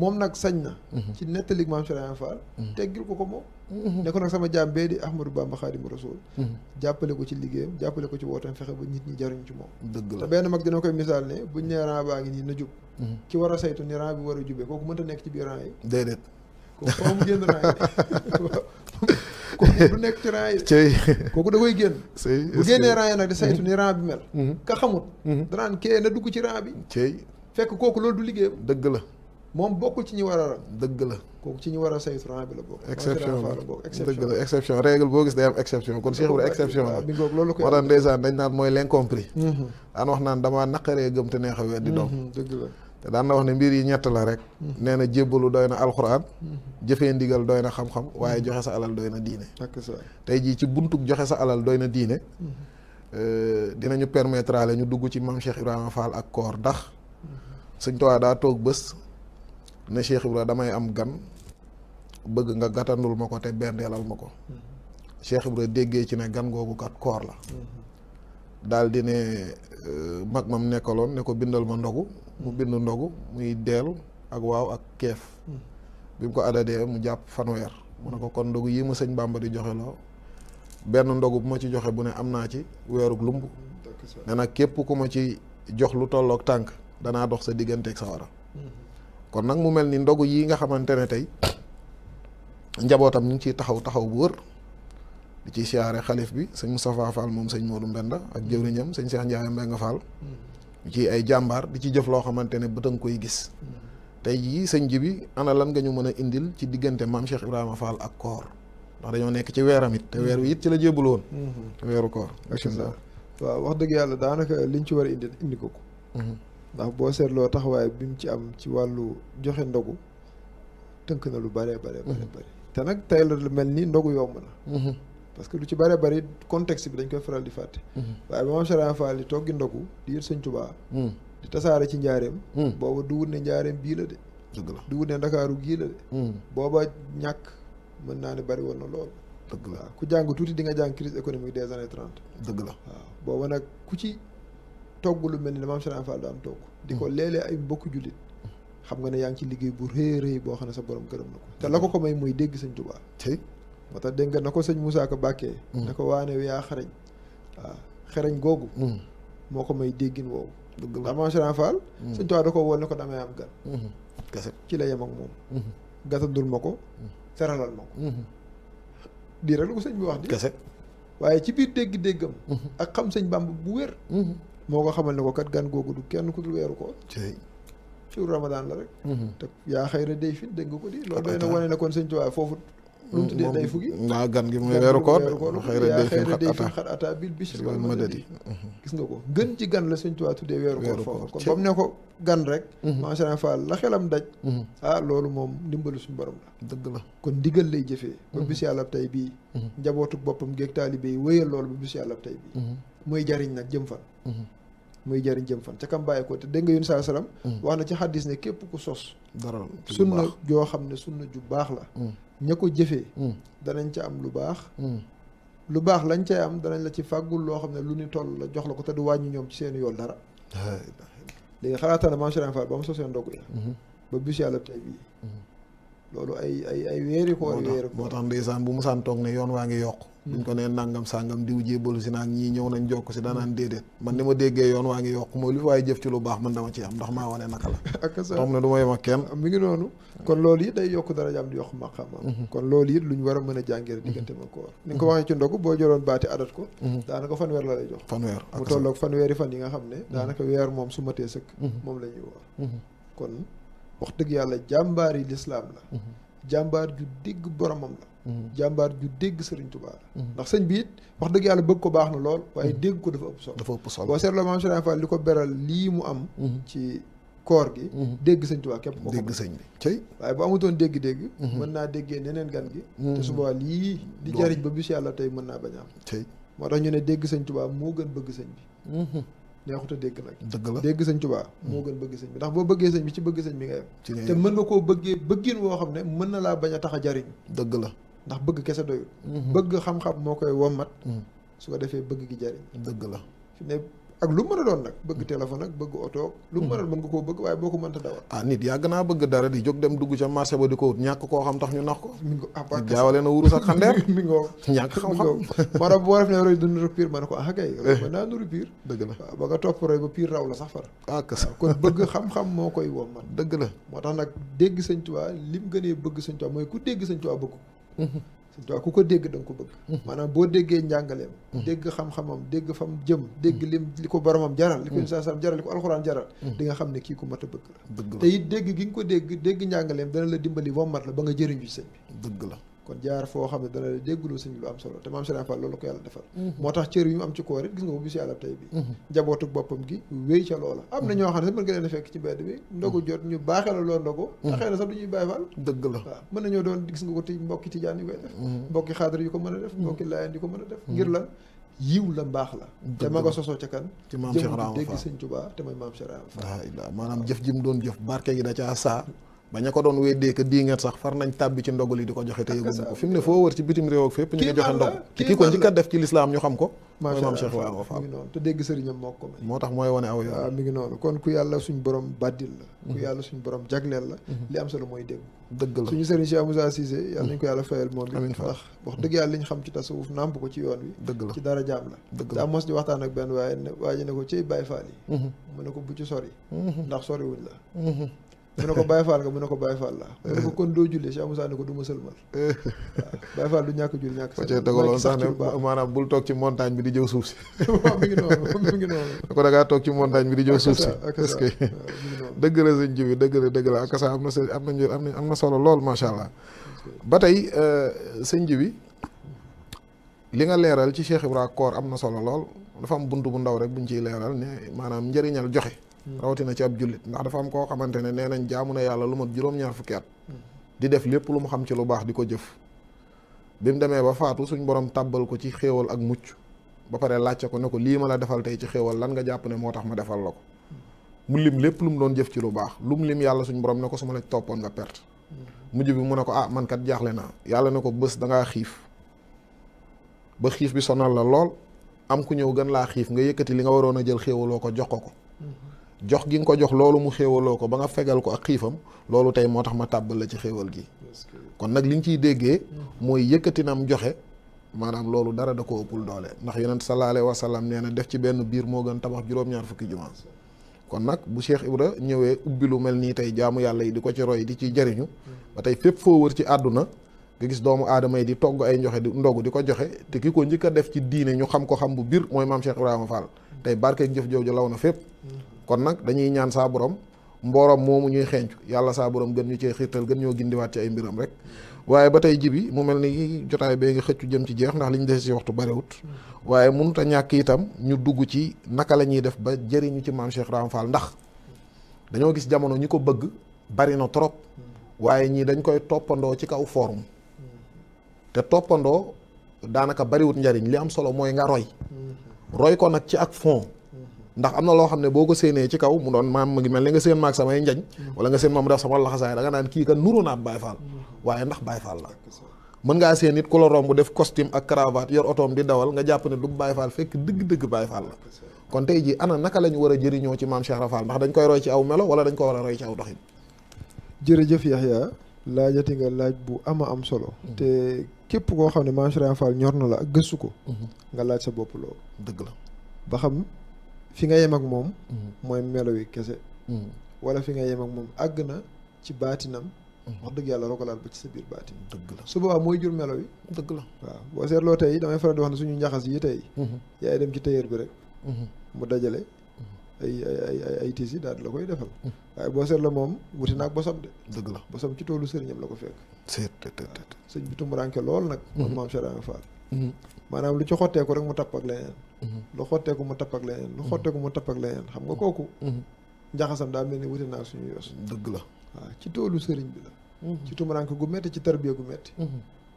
moom nag sañ na ci nettalik maam Cheikh Rafal teggil ko ko moom ne ko nag sama jaam bee di Ahmadou Bamba Xaadimu Rasuul mm-hmm. jàppale ko ci liggéeyam jàppale ko ci woo wootam fexe ba nit ñi jariñ ci moom dëgg la te benn mag dina koy misaal ne buñ ne rang na jub mm-hmm. ki war a saytu bi war a jubee kooku mënta nekk ci biir rang yi déedéet kooku faaw mu du nekk ci rang yi kooku da koy génn bu nag di saytu mm-hmm. ni rang bi mel ka xamut dugg ci rang bi fekk kooku loolu du liggéeyam dëgg la moom bokkul ci ñi war a rang. dëgg la kooku ci ñi war a saytu rang bi la bokk. exception la bokk dëgg la exception règle boo gis day am exception kon Cheikh Ibrahima exception la. Ah, bi ngoog loolu koy waral ndeysaan dañ naan mooy l'incompris. Mm-hmm. daan wax naan damaa naqaree gëm te neex a weddi doom. Mm-hmm, dëgg la te daan na wax ne mbir yi ñett la rek. Mm-hmm. nee na jébbalu doy na alxuraan. jëfee ndigal doy na xam-xam waaye joxe sa alal doy na diine. tey jii ci buntug joxe sa alal doy na diine. Euh, dinañu permettre ale ñu dugg ci maam Cheikh Ibrahima Fall ak koor ndax. sëñ Tuubaa daa toog bés ne Cheikh Ibra damay am gan bëgg nga gàttandul ma ko te bendeelal ma ko mm-hmm. Cheikh Ibra déggee ci ne gan googu kat koor la mm-hmm. daal ne euh, mag mam nekkaloon ne ko bindal ma ndogu mu mm-hmm. bind ndogu muy deel ak waaw ak keef bi mu ko adadee mu jàpp fanweer mu ne ko kon ndogu yi ma sëñ Bàmba di joxe loo benn ndogu bu ma ci joxe bu ne am naa ci weerug lumb ne nag képp ku ma ci jox lu tollook tànk danaa dox sa digganteeg sa wara kon nak mu melni ndogu yi nga xamantene tay njabotam ñu taxaw taxaw bu di ci siaré khalif bi seigne mustapha Fall mom seigne Modou Mbenda ak jëwriñam seigne Cheikh Ndiaye Mbengue Fall di ci ay jambar di ci jëf lo xamantene bu bëtang koy gis tay yi seigne ji ana lan nga ñu mëna indil ci digënté mam Cheikh Ibrahima Fall ak koor ndax dañu nekk ci wéram it té wér wi it ci la won mhm. wéru koor wax liñ ci war indil indi ko mhm. ndax boo seetloo taxawaay bi mu ci am ci wàllu joxe ndogu tënk na lu bare bare bare bare mhm. te nag tey la mel nii ndogu yomb na mhm. parce que lu ci bare bari contexte bi dañ koy faral di fàtte mhm. waaye ba Maam Sëriñ Faal di toggi ndogu di yët Sëñ Tuubaa di tasaare ci njaareem booba du wut ne njaareem bii la de dëgg la du wut ne ndakaaru gii la de booba ñàkk mën naa ne bari woon na lool dëgg la ku jàng tuuti di nga jàng crise économique des années trente dëgg la waaw togg lu mel ni dama am Serigne Fall daan togg di ko mm. léeg ay mbokku jullit xam nga ne yaa ngi ci liggéey bu rëy rëy boo xam ne sa borom gërëm na ko te la ko ko may mooy dégg sëñ Tuubaa tey moo tax na ko sëñ Moussa ko bàkkee mm. na ko waane yaa xarañ waaw xarañ googu mm. moo ko may déggin woowu ndax maam Serigne da ko woon ko damay am gan mm-hmm. kese ci la yem ak moom mm-hmm. gasandul ma ko teralal ma ko di mm-hmm. rek la ko sëñ bi wax di kese waaye ci biir dégg-déggam ak xam sëñ Bàmb bu wér moo ko xamal ne ko kat gan googu du kenn ku dul weeru koor ci ramadan la rek mm-hmm. yaa xëy na day fit dégg ko di loolu day na wane ne kon sëñ foofu lu mu mm-hmm. gan gi mooy weeru koor yaa xëy na day fit xat mm-hmm. gis nga ko gën ci gan la sëñ Tuubaa tuddee weeru koor foofu kon ba mu ko gan rek macha allah faal la xelam daj ah loolu moom ndimbalu suñu borom la dëgg la kon ndigal lay jëfee ba bis yàlla tey bii njabootuk boppam géeg taalibe yi wéyal loolu ba bis yàlla tey bii muy jariñ nag jëm fan mhm. muy jariñ jëm fan ca kam bàyyi ko te dégg nga yun saa salaam wax na ci xaddis ne képp ku sos dara sunna joo xam ne sunna ju baax la mhm. ña ko jëfee mhm. danañ ca am lu baax lu baax lañ cay am danañ la ci fàggul loo xam ne lu ni toll la jox la ko te du wàññi ñoom ci seeni yoon dara léegi xalaatal na maam Serigne Fall ba mu sosee ndog ya ba bis yàlla tey bii loolu ay ay ay weeri koor weeri moo tax ndeysaan bu mu saan toog ne yoon waa ngi yokk buñ ko nee nangam sangam diw jébbalu si naag ñii ñëw nañ jokk si danaan déedéet man ni ma déggee yoon waa ngi yokk mooy lu waaye jëf ci lu baax man dama ci am ndax maa wane naka la ak sa xam ne du ma yem ak a ah, mi ngi noonu kon loolu it day yokk dara jaam mhm. a mën a jàngee diggante ma koor ni nga ko mhm. waxee ci ndogu boo jëloon baati mhm. la lay jox fanweer mu yi la ñuy woor kon wax dëgg lislaam la jàmbaar ju digg boromam la Mhm. jàmbaar ju dégg sëriñ Tuubaa la mhm. ndax sëñ bi it wax dëgg yàlla bëgg ko baax na lool waaye mhm. dégg ko dafa ëpp solo dafa ëpp solo boo seetloo maam Cheikh Fall li ko beral lii mu am ci koor gi dégg sëñ Tuubaa képp ko dégg sëñ bi cay waaye bu amutoon dégg-dégg mën naa déggee neneen gan gi te su boobaa lii di jariñ ba bis yàlla tey mën naa bañ am cay moo tax ñu ne dégg sëñ Tuubaa moo gën bëgg sëñ bi neexut a dégg nag dëgg la dégg sëñ Tuubaa moo gën bëgg sëñ bi ndax boo bëggee sëñ bi ci bëgg sëñ bi nga yem te mën nga koo bëggee bëggin woo xam ne mën na laa bañ a tax a jariñ dëgg la ndax bëgg kese doyul. Mhm. bëgg xam-xam moo koy wommat. Mhm. su ko defee bëgg gi jariñ. dëgg la fi ne ak lu mën a nag bëgg mhm. téléphone ak bëgg oto. lu mën a mën nga waaye boo ko mënta dawal. Ah, yàgg naa bëgg dara di jóg dem dugg ca marché ñàkk koo xam tax ñu nax ko. mi ngi ko ah, jaawale xam-xam. maanaam boo def ne roy du ma ne ko ah kay. mën naa nuru pire. dëgg la waaw ba nga topp roy ah, bëgg xam moo koy wommat. dëgg la moo tax nag dégg Sëñ Tuubaa li mu gënee bëgg Sëñ Tuubaa mooy ku dégg Sëñ Tuubaa bëgg sëñ mm-hmm. Tuubaa ku ko dégg da nga ko bëgg mm-hmm. maanaam boo déggee njàngaleem mm-hmm. dégg xam-xamam dégg fam jëm dégg lim li ko boromam jaral li ko saa sam jaral li ko alxuraan jaral di nga xam ne kii ko mat a bëgg la te it dégg gi nga ko dégg dégg njàngaleem dana la dimbali wommat la ba nga jëriñu sëñ bi dëgg la kon jaar foo xam ne dana la déggloo sëñ bi lu am solo te maam Serigne Fall loolu ko yàlla defal mhm. moo tax cër yi mu am ci koor it gis nga ko bisu yàlla tey bi mhm. njabootuk boppam gi wéy ca loola am na mhm. ñoo xam ne sax mën nga leen a fekk ci mbedd la loo la waaw mën a def mbokki laayeen a dégg sëñ Tuubaa te mooy maam Cheikh Rahma maanaam jëf ji mu doon jëf barke gi da saa ba ña ko doon weddee ka dii sax far nañ tàbbi ci ndogal yi di ko joxe te yëguñu ko fi ne foo wër ci bitim réew ak fépp ñu ngi joxe ndog kii ko njëkk a def ci lislaam ñu xam ko mooy maam Cheikh kon ku yàlla suñ borom bàddil la ku mhm. yàlla suñ borom jagleel la mhm. li am solo mooy dégg dëgg la suñu sëriñ Cheikh Moussa Cissé yàlla nañ ko yàlla fayal moom bi amiin ndax wax dëgg yàlla li xam ci tasawuf nàmp ko ci yoon wi dëgg la ci dara waxtaan ak benn waaye ne ko mu ne ko Baye Fall nga mu ne ko Baye Fall la mu ne ko kon doo julli Cheikh Moussa ko du ma sëlmal waaw Baye Fall du ñàkk julli ñàkk sëlmal dagaloon sax maanaam bul toog ci montagne bi di jëw suuf si waaw mi ci montagne bi di jëw suuf si parce que dëgg la sëñ jibi dëgg la dëgg la ak am na sa am na njëriñ am na am na solo lool macha allah ba tey euh, sëñ jibi li nga leeral ci Cheikh Ibra koor am na solo lool dafa am bunt bu ndaw rek buñ ciy leeral ne maanaam njëriñal joxe Hmm. rawatina ci ab julit ndax dafa am ko xamantene ne jaamu na yalla lu mat juróom-ñaar fukki at di def lepp lu mu xam ci lu baax di ko jëf bim mu ba faatu suñ borom tabal ko ci xéewal ak mucc ba pare laajte ko ne ko ma la defal tay ci xéewal lan nga japp ne motax ma defal lako mu lim lepp lu mu doon jëf ci lu baax lu mu lim yalla suñ borom ne ko la topon nga perte hmm. bi mu ne ah man kat jaaxle naa yàlla ne ko bés dangaa xiif ba xif bi sonal la lol am ku ñew gën la xif nga yëkëti li nga warona jël ko jox ko hmm jox gi ko jox lolu mu xéewaloo ko ba nga fegal ko ak lolu loolu tey moo tax ma tàbbal la ci gi kon nak li ñu ciy déggee mooy yëkkatinam joxe maanaam loolu dara da ko ëppul doole ndax yonent sallallahu alayhi wa sallam nee na def ci benn biir moo gën tabax juróom-ñaar fukki kon nak bu Cheikh Ibra ñëwee ubbi lu mel nii tey jaamu yàlla yi di ci roy di ci jariñu ba tey fépp foo wër ci àdduna nga gis doomu di togg ay njoxe di ndogu di ko joxe te ki ko ka a def ci diine ñu xam ko xam bu biir mooy mam Cheikh Ibrahima Fall tey barkeeg jëf jooju law na fépp kon nag dañuy ñaan saa borom moomu ñuy xencu yàlla saa borom gën ñu cee xiirtal gën ñoo gindiwaat ci ay mbiram rek waaye ba tey jibi mu mel ni jotaay bee nga xëccu jëm ci jeex ndax li ñu dese si waxtu barewut waaye mënut a ñàkk itam ñu dugg ci naka la ñuy def ba jëriñu ci maam Cheikh Rahane Fall ndax dañoo gis jamono ñi ko bëgg bari na trop waaye ñii dañ koy toppandoo ci kaw forum te toppandoo daanaka bariwut njariñ li am solo mooy nga roy mm-hmm. roy ci ak fond ndax amna lo xamne boko ne ci kaw mu don maam ngi melni nga seen mak sama ñagn wala nga seen maam da sama laxasaay da nga nan ki kan nuru na Baye Fall waye ndax Baye Fall la mën nga seen nit ku la def costume ak cravate yor autom di dawal nga japp ne du Baye Fall fekk deug deug Baye Fall la kon tay ji ana naka lañu wara jëriño ci maam Cheikh Rafal ndax dañ koy roy ci aw melo wala dañ ko wara roy ci aw doxin jërëjëf yahya lajati nga laj bu ama am solo mm-hmm. te kep ko xamne ne maam Cheikh Rafal ñor na la mm-hmm. nga laj sa bop lo deug la ba xam fi nga yem ak moom. Mm-hmm. mooy melo yi kese. Mm-hmm. wala fi nga yem moom àgg na ci baatinam. Mm-hmm. wax dëgg yàlla rogalaat ba ci sa biir baatin. dëgg la su boobaa mooy jur melo yi. dëgg la waa boo seetloo tey damay faral di wax ne suñu njaxas yi tey. yaay dem ci tailleur bi rek. mu dajale. ay ay ay ay tiis yi daal la koy defal. waaye boo seetloo moom wuti naag bosam de. dëgg la bosam ci toolu sëriñam la ko fekk. seet te te bi tumuraanke lool nag. moom maam Cheikh Ibrahima maanaam lu ci xotteeku rek mu tapp ak leneen mhm. lu xotteeku mu tapp ak leneen mhm. xotteeku mu tapp xam nga mhm. kooku njaxasam daa mel ni wute naa suñu yos dëgg la waaw ci toolu sëriñ bi la ci tumuranke gu métti ci tarbiya gu métti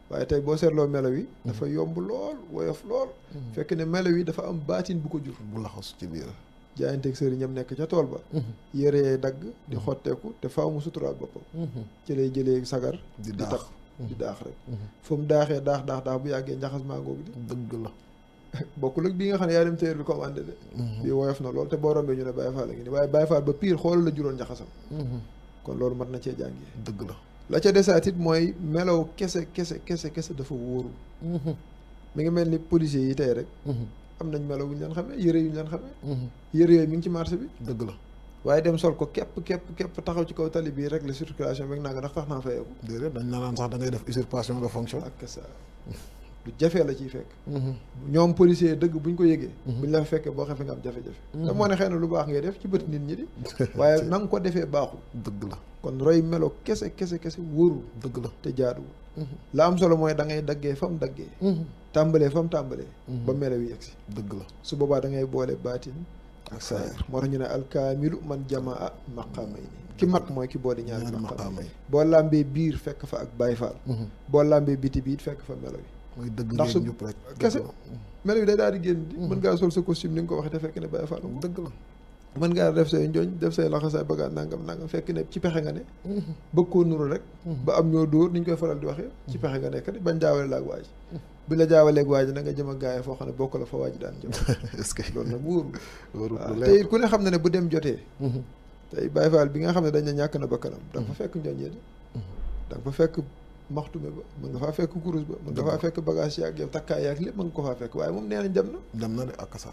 waaye tey boo seetloo melo yi dafa yomb lool woyof lool fekk ne melo yi dafa am baatin bu ko jur bu laxas ci biir jaayanteeg sëriñam nekk ca tool ba yére yay dagg di xotteeku te faw mu suturaal boppam ci lay jëlee sagar di tax di mhm. daax rek. Mhm. fu mu daaxee daax daax daax bu yàggee njaxas maa googu di. dëgg la. bokkul ak bii nga xam ne yaa dem téer bi commandé de. Mhm. bii woyof na lool te boo rombee ñu ne Baye Fall la ngi nii waaye Baye Fall ba pire xoolal la juróon njaxasam. kon loolu mat na cee jàngee. dëgg la la ca desaat it mooy melaw kese kese kese kese dafa wóoru. mi ngi mel ni policiers yi tey rek. am nañ melow yu ñu leen xamee yëre yu ñu leen xamee. yëre yooyu mi ngi ci marché bi dëgg la. waye dem sol ko kep kep kep taxaw ci kaw tali bi rek la circulation beeg nanga ndax tax na fayeku dede dañ na lan sax da ngay def usurpation de fonction ak ça lu jafé la ci fekk mm-hmm. ñom policier deug buñ ko yëgee mm-hmm. buñ la fekk bo xef nga am jafe-jafe da mm-hmm. mo ne xëy lu baax ngay def ci bëtt nit ñi di waye nang ko defee baaxul deug la kon roy melo kese kese kese wuru deug la te jaaduwul la am solo moy da ngay daggee fam mu daggee tàmbalee fa ba melo wi yegsi dëgg la su boba da ngay bolé batine ak saayir moo tax ñu ne alkaamilu man jamaa maqaama yi ki mat mooy ki boole ñaari maqaama yi boo làmbee biir fekk fa ak baay faal mhm. boo làmbee biti biit fekk fa melo yi mooy dëgg ngeen ñëpp rek kese mhm. melo yi day daal di génn di mhm. mën ngaa sol sa costume ni ñu ko waxee te fekk ne baay faal dëgg la mën ngaa def say njooñ def say laxasaay bëgga nangam nangam fekk ne ci pexe nga ne bëgg koo nuru rek ba am ñoo dóor ni ñu koy faral di waxee ci pexe nga nekk bañ jaawale laag waaj bu la jaawaleeg waa ji na nga jëm ak gaay foo xam ne bokk la fa waa ji daan jëm na ce que ku ne xam ne ne bu dem jotee mhm. tey Baye bi nga xam ne dañ ne ñàkk na ba kanam nga fa mhm. fekk njoñee de mhm. da fa fekk maxtume ba mën nga faa fekk kurus ba mën nga faa fekk bagage yaag yow takkaay yaag lépp mën nga ko faa fekk waaye moom nee nañ dem na dem na de ak sa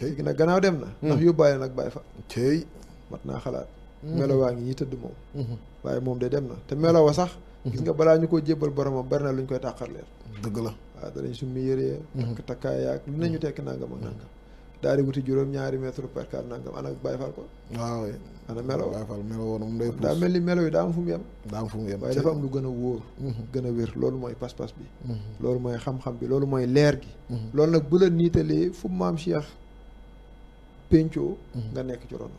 léegi nag gannaaw dem na hmm. ndax yóbbaale nag Baye Fall tey mat naa xalaat hmm. melo waa ngi ñi tëdd moom hmm. waaye moom de dem na te melo wa sax gis nga balaa ñu koo jébbal boromam bari na lu koy tàqarleer dëgg la ah danañ summi yëree mhm. takk ak lu nañu tekki nangam ak mhm. nangam daal di wuti juróom ñaari mètre par car nangam ana Baye Fall ko waaw ana melo Baye Fall melo woon daa mel ni melo yi daa fu mu yem daa am fu mu am lu gën a wóor mhm. gën a loolu mooy pas-pas bi loolu mooy xam-xam bi loolu mooy leer gi loolu nag bu la niitalee fu maam Cheikh péncoo nga nekk ci ron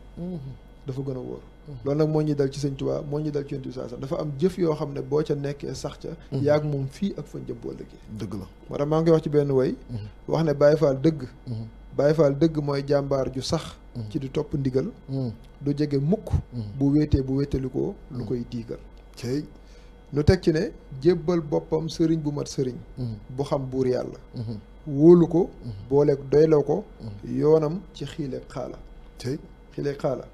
dafa gën a wóor Mm-hmm. loolu nag moo ñuy dal ci sëñ Tuubaa moo ñuy dal ci yonent bi saa dafa am jëf yoo xam ne boo ca nekkee sax ca mm-hmm. yaag moom fii ak fañ jëm boo lëggee dëgg la moo tax maa ngi wax ci benn way mm-hmm. ne Baye Fall dëgg Baye dëgg mooy jàmbaar ju sax ci di topp ndigal du jege mukk bu wéetee bu wéetalikoo lu koy diigal cey nu teg ci ne jébbal boppam sëriñ bu mat sëriñ bu xam buur yàlla wóolu ko booleeg doyloo ko yoonam ci xiileeg xaala cey xiileeg xaala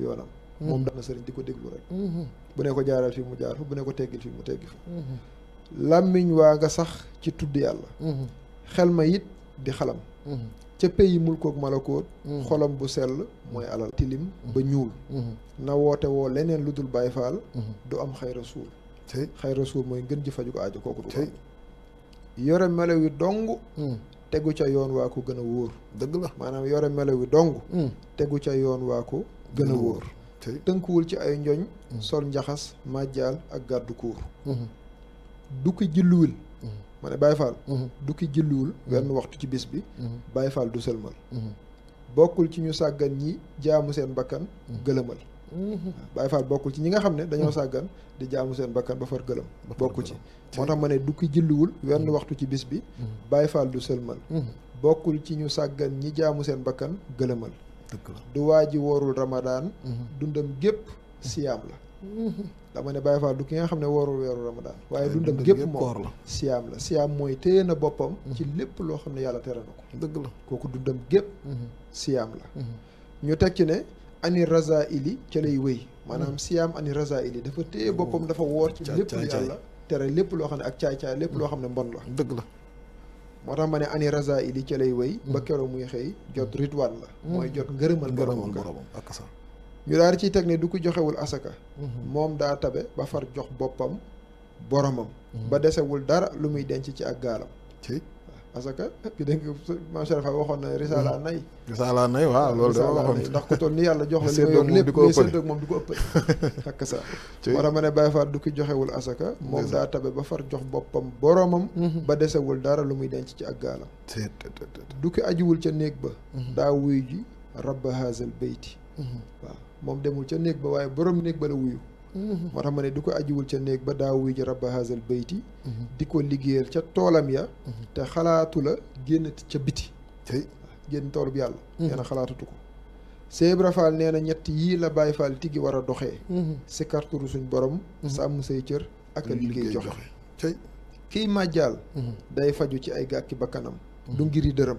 yoonam moom daal sëriñ di ko déglu rek mm-hmm. bu ne ko jaaral fii mu jaar fa bu ne ko teggil fii mu teggi fa mm-hmm. làmmiñ waa nga sax ci tudd yàlla mm-hmm. xel ma it di xalam ca pays mulkook malakoot xolam bu sell mooy alal tilim ba ñuul na woote woo leneen lu dul Baay Faal du am xayra suul xayra suul mooy ngën ji faju ko aajo kooku du yore melo wi mm. tegu ca yoon waa ko gën a wóor dëgg la maanaam yore melo wi dong mm. tegu ca yoon waa ko gën a wóor tënkuwul ci ay njooñ sol njaxas màjjaal ak gàddu kuur mhm. du ki jilluwul mhm. ma ne Baye Fall mhm. du jilluwul wenn waxtu ci bis bi Baye Fall du sëlmal bokkul ci ñu sàggan ñi jaamu seen bakkan gëlëmal Baye Fall bokkul ci ñi nga xam ne dañoo sàggan di jaamu seen bakkan ba far gëlëm bokku ci moo tax ma ne du ki jilluwul wenn waxtu ci bis bi Baye Fall du sëlmal bokkul ci ñu sàggan ñi jaamu seen bakkan gëlëmal du waa ji woorul ramadaan mhm. dundam gépp siyaam la mhm. dama ne Baye Fall du ki nga xam ne woorul weeru ramadaan waaye dundam gépp moom siyaam la siyaam mooy téye na boppam mhm. ci lépp loo xam ne yàlla tere na ko dëgg la kooku dundam gépp siyaam la ñu teg ci ne ani raza ili ca lay wéy maanaam siyaam ani raza ili dafa téye oh. boppam dafa woor ci lépp yàlla tere lépp loo xam ne ak caay-caay lépp loo xam ne mbon la dëgg la moo tax ma ne ani raza ili ca lay wéy ba mm. keroog muy xëy jot mm. ritwaan la mm. mooy jot ngërëmal ngërëmal boromam ak sa ñu daal ciy teg ne du ko joxewul asaka mm-hmm. moom daa tabe ba far jox boppam boromam mm-hmm. ba desewul dara lu muy denc ci ak gaalam parce que ki dégg maam Chara waxoon na risala mm-hmm. nay risala nay waaw loolu de waxoon ndax ku toll ni yàlla jox la li ma lépp mais séddoog moom di ko ëppale xakk sa war a ma ne Baye Fall du ki joxewul asaka moom daa tabe ba far jox boppam boroomam mm-hmm. ba desewul dara lu muy denc ci ak gaalam du ki ajuwul ca néeg ba mm-hmm. daa wuyu ji rabba haazal bayti moom demul ca néeg ba waaye borom néeg ba la wuyu moo tax ma ne du ko ajiwul ca néeg ba daaw wuy ji rabba hazal bayti di ko liggéeyal ca toolam ya te xalaatu la génn ca biti génn toolub yàlla mm-hmm. nee na xalaatatu ko Seebra Faal nee na ñett yii la Baay Faal tigi war a doxee mm-hmm. si karturu suñ borom mm-hmm. sàmm say cër ak a liggéey joxe kiy màjjaal day faju ci ay gàkki bakkanam du ngiri dërëm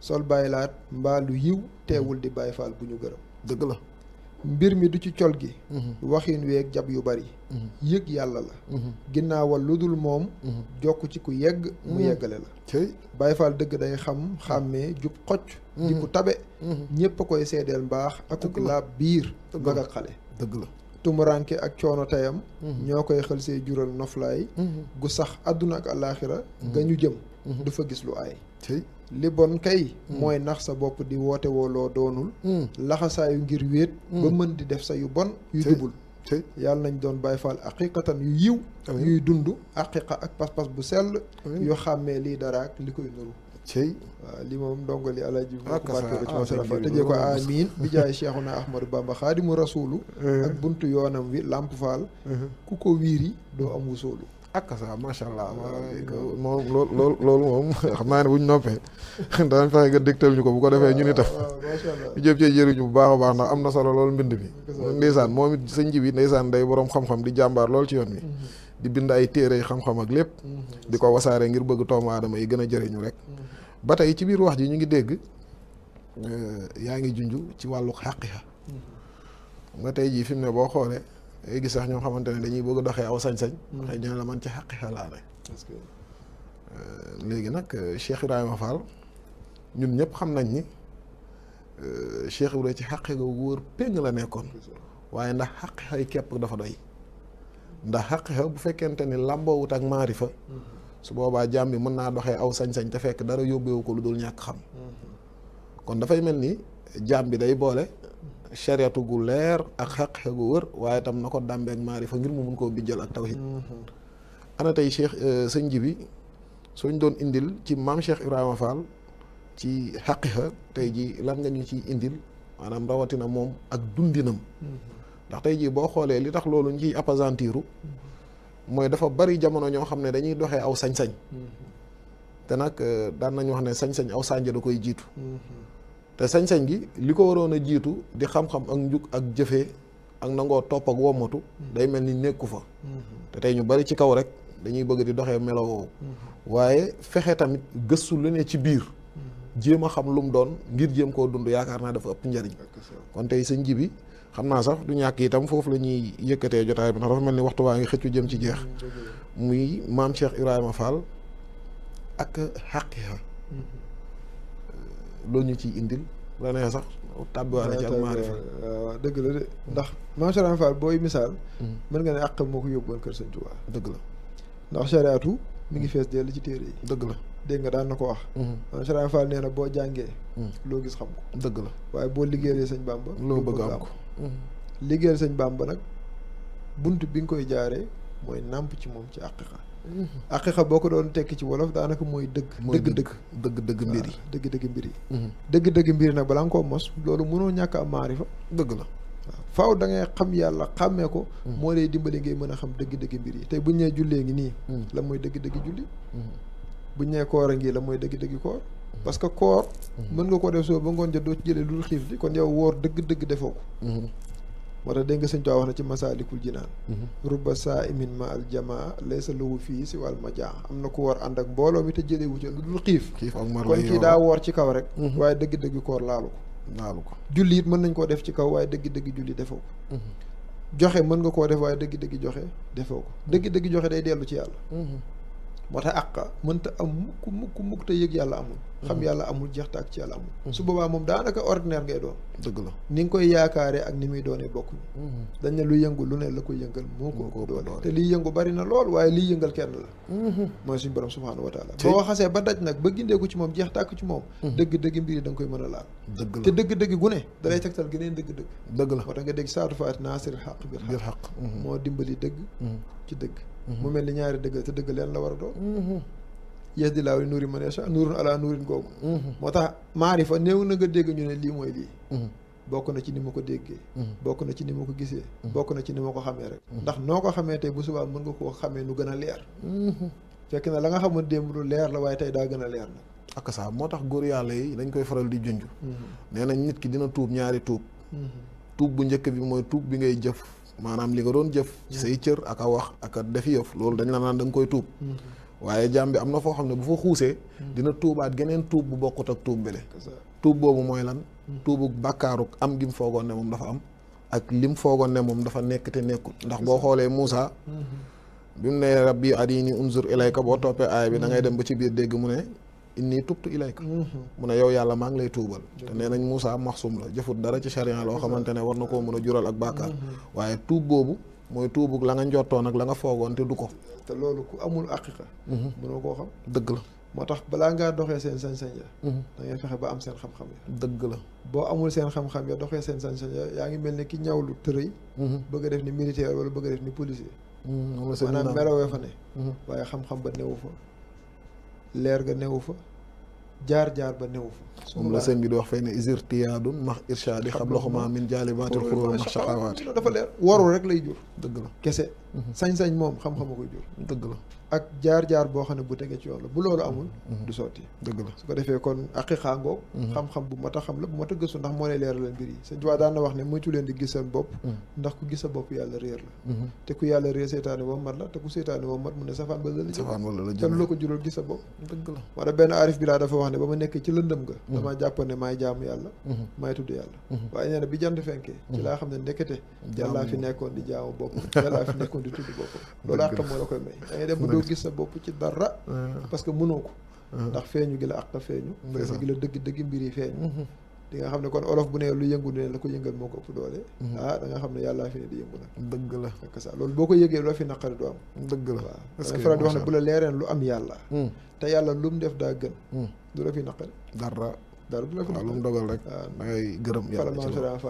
sol bàyyi laat mbaa yiw teewul di Baay Faal bu ñu gërëm dëgg la mbir mi du ci col gi mhm. waxin weeg jab yu bari mhm. yëg yàlla la mhm. ginnaawal lu dul moom jokk ci ku yegg mu yeggale la Baay Faal dëgg day xam xàmmee jub xocc di ku tabe ñépp a koy seedeel mbaax akuk laab biir mag ak xale dëgg la tumuranke ak coono tayam ñoo koy xëlsee jural noflaay gu sax àdduna ak alaaxira ga ñu jëm du gis lu aay li bon kay hmm. mooy nax sa bopp di woote wooloo doonul hmm. laxasaayu ngir wéet ba hmm. mën di def sa yu bon yu jubul yàlla nañ doon bàyyi faal aqiqatan yu yiw yuy dund aqiqa ak pas-pas bu sell yoo xàmmee lii dara ak li koy nuru cey waaw li moom ndongo li alaaji bi mokk ko amiin bi jaay Cheikhuna Ahmadou Bamba xaadimu rasuulu ak bunt yoonam wi Lamp Fall ku ko wiiri doo am wusoolu ak sa macha allah moom loolu loolu moom xam naa ne bu ñu noppee danañ fexe nga dégtal ñu ko bu ko defee ñu ni taf ñu jëp bu baax baax ndax am na solo loolu mbind bi ndeysaan moom it sëñ ji bi day boroom xam-xam di jàmbaar lool ci yoon wi mhm. di bind ay téere yi xam-xam ak lépp mhm. di ko wasaare ngir bëgg doomu aadama yi gën a jariñu rek mhm. ba tey ci biir wax ji ñu ngi dégg euh, yaa ngi junj ci wàllu xàqiqa nga tey jii fi mu ne boo xoolee day gis sax ñoo xamante ne dañuy bëgg doxee aw sañ-sañ. Mm. xëy na la man ci xaqi xalaane. Euh, léegi nag euh, Cheikh ñun ñëpp xam nañ ni euh, Cheikh Ibrahima ci xaqi ga wóor péng la nekkoon. waaye ndax xaqi xay képp dafa doy. ndax xaqi xay bu fekkente ni làmboowut ak maarifa. Mm-hmm. su boobaa jaam bi mën naa doxee aw sañ-sañ te fekk dara yóbbeewu ko lu dul ñàkk xam. Mm-hmm. kon dafay mel ni jaam bi day boole. chariatu gu leer ak xaqxe gu wër waaye tam na ko dàmbeeg maarifa ngir mu mun koo bijjal ak tawhid mm-hmm. ana tey cheikh euh, sa ji bi sooñ doon indil ci maam cheikh ibrahima fall ci xaqiqa tey ji lan nga ñu ciy indil maanaam rawatina moom ak dundinam mm-hmm. ndax tey jii boo xoolee li tax loolu ñu ciy appesantiru mm-hmm. mooy dafa bari jamono ñoo xam ne dañuy doxee aw sañ-sañ te nag euh, daan nañ wax ne sañ-sañ aw sànja da koy jiitu te sañ-sañ gi li ko waroon a jiitu di xam-xam ak njug ak jëfe ak nangoo topp ak wommatu day mel ni nekku fa te tey ñu bari ci kaw rek dañuy bëgg di doxe melo waaye fexe tamit gëstu lu ne ci biir jéem a xam lu mu doon ngir jéem koo dund yaakaar naa dafa ëpp njariñ kon tey sëñ ji xam naa sax du ñàkk itam foofu la ñuy yëkkatee jotaay bi ndax dafa mel ni waxtu waa ngi xëccu jëm ci jeex mm-hmm. muy maam Cheikh Ibrahima Fall ak xàqiha mm-hmm. loolu ñu ciy indil la nee sax tàbbiwaat na ci ak maarifa waaw dëgg la de ndax maam booy misaal hmm. mën nga ne àq moo ko yóbbuwoon kër Sëñ Tuubaa dëgg la ndax chariatu mu ngi fees dell ci téere yi dëgg la dégg nga daan na ko wax hmm. maam Cheikh boo jàngee hmm. loo gis xam ko dëgg la waaye boo liggéeyee Sëñ ba loo bëgg am ko liggéeyal Sëñ Bàmba nag bunt bi nga koy jaare mooy nàmp ci moom ci àqiqa aqiqa boo ko doon tekki ci wolof daanaka mooy dëgg dëgg dëgg dëgg dëgg mbir yi dëgg dëgg mbir yi mhm. dëgg dëgg mbir yi nag balaa nga koo mos loolu mënoo ñàkk a maarifa dëgg la waaw faaw da ngay xam yàlla xàmmee ko mhm. moo lay dimbali ngay mën a xam dëgg-dëgg mbir yi tey buñ nee jullee ngi nii mhm. la mooy dëgg-dëgg julli buñ nee koor a ngi la mooy dëgg-dëgg koor parce que koor mën nga ko def soo ba ngoon jot doo ci jëlee lu dul xiif di kon yow woor dëgg-dëgg defoo ko moo tax dégg nga sëñ Tuubaa wax na ci masaalikul jinaan mhm. rubba saa imin ma al jamaa laysa lahu fii si wàll ma jaa am na ku war ànd ak mbooloo mi te jëlee wu ci lu dul xiif kon kii daa woor ci kaw rek mhm. waaye dëgg-dëgg koor laalu ko laalu ko julli it mën nañ koo def ci kaw waaye dëgg-dëgg julli defoo ko mhm. joxe mën nga koo def waaye dëgg-dëgg joxe defoo ko dëgg-dëgg joxe day dellu ci yàlla moo tax àq mënta am mukk mukk mukk te yëg yàlla amul xam mhm. yàlla amul jeex te ak ci yàlla amul mhm. su boobaa moom daanaka ordinaire ngay doon dëgg la ni nga koy yaakaaree ak ni muy doonee bokk mhm. dañ ne lu yëngu lu ne la yëngal moo ko doone te yëngu bari na lool waaye liy yëngal kenn la mooy suñu borom subhaanahu wa taala boo xasee ba daj nag ba gindeeku ci moom jeex tàkk ci dëgg-dëgg mbir koy mën a dëgg la te dëgg-dëgg gu ne da lay tegtal geneen dëgg-dëgg dëgg la moo tax nga dégg saatu faat naasir xaq biir xaq moo dimbali dëgg ci dëgg mu mel ni ñaari dëgg te dëgg leen la war a doon yees di laaw li nuuri man yasha nuurun ala nuurin googu mm-hmm. moo tax maarifa néew na nga dégg ñu ne lii mooy lii mm-hmm. bokk na ci ni ma ko déggee mm-hmm. bokk na ci ni ma ko gisee bokk na ci ni ma ko xamee rek ndax noo ko xamee tey bu subaa mën nga koo xamee nu gën a leer fekk na la nga xamoon démb lu leer la waaye tey daa gën a leer nag ak saa moo tax góor yàlla yi dañ koy faral di junj nee nañ nit ki dina tuub ñaari tuub bu njëkk bi mooy tuub bi ngay jëf maanaam li nga doon jëf say cër ak wax ak a def loolu dañ la naan da koy tuub mm-hmm. waaye jàmm bi am na foo xam ne bu fa xuusee mm-hmm. dina tuubaat geneen tuub bu bokkut ak tuub bile tuub boobu mooy lan mm-hmm. tuubu bàkkaaruk am gi mu foogoon ne moom dafa am ak li mu foogoon ne moom dafa nekk te nekkul ndax boo xoolee Moussa bi mu ne rabbi arini unzur ilayka boo toppee aaya bi da ngay dem ba ci biir dégg mu ne inni tubtu ilayka mhm. mu ne yow yalla ma ngi lay tubal te nenañ musa mahsum la jëfut dara ci sharia lo xamantene ne war na koo jural ak bàkkaar mhm. waye tub bobu moy tubu la nga njotto nak la nga fogon te duko te lolu ku amul aqiqa mhm. mënoo ko xam deug la motax bala nga doxé sen sen sen ya da ngay fexé ba am sen xam-xam ya deug la bo amul sen xam-xam ya doxé sen sen sen ya ya ngi melni ki ñawlu tërëy bëgg def ni militaire wala bëgg def ni policier fa ne waaye xam-xam ba fa leer ga newu fa jaar-jaar ba newu fa moom la sëñ bi di wax fay ne isir tiyaadun max irshaadi xam loxumaa min jaalibaatil xuróo max shaqawaati dafa leer warul rek lay jur dëgg la kese mhm. sañ-sañ moom xam-xama koy jur dëgg la ak jaar-jaar boo xam ne bu tege ci yoon la bu loolu amul mhm. du sotti dëgg la su ko defee kon aqiqa ngoog mhm. xam-xam bu mat a xam la bu mat a gëstu ndax moo lay leeral mbir yi sëñ Tuubaa daan na wax ne moytu leen di gis seen bopp mhm. ndax ku gis sa bopp yàlla réer la te ku yàlla réer mat la te ne safaan ba fenkee ci laa xam ne ndekete yàllaa fi nekkoon di jaamu bopp yàllaa fi nekkoon di tudd bopp loolu àq moo la koy may doo gis sa bopp ci dara. Ah. parce que mënoo ko. Ah. ndax feeñu gi la ak feeñu. feeñu mm-hmm. xam ne kon olof bu ne lu yëngu ne la ko yëngal moo ko ëpp doole. Mm-hmm. ah da xam ne yàllaa fi ne di yëngu nag. dëgg la fekk sax loolu boo ko yëgee loo fi naqari du am. dëgg la waaw faral bu la mm. mm. naqari. dara dara du la naqari ah,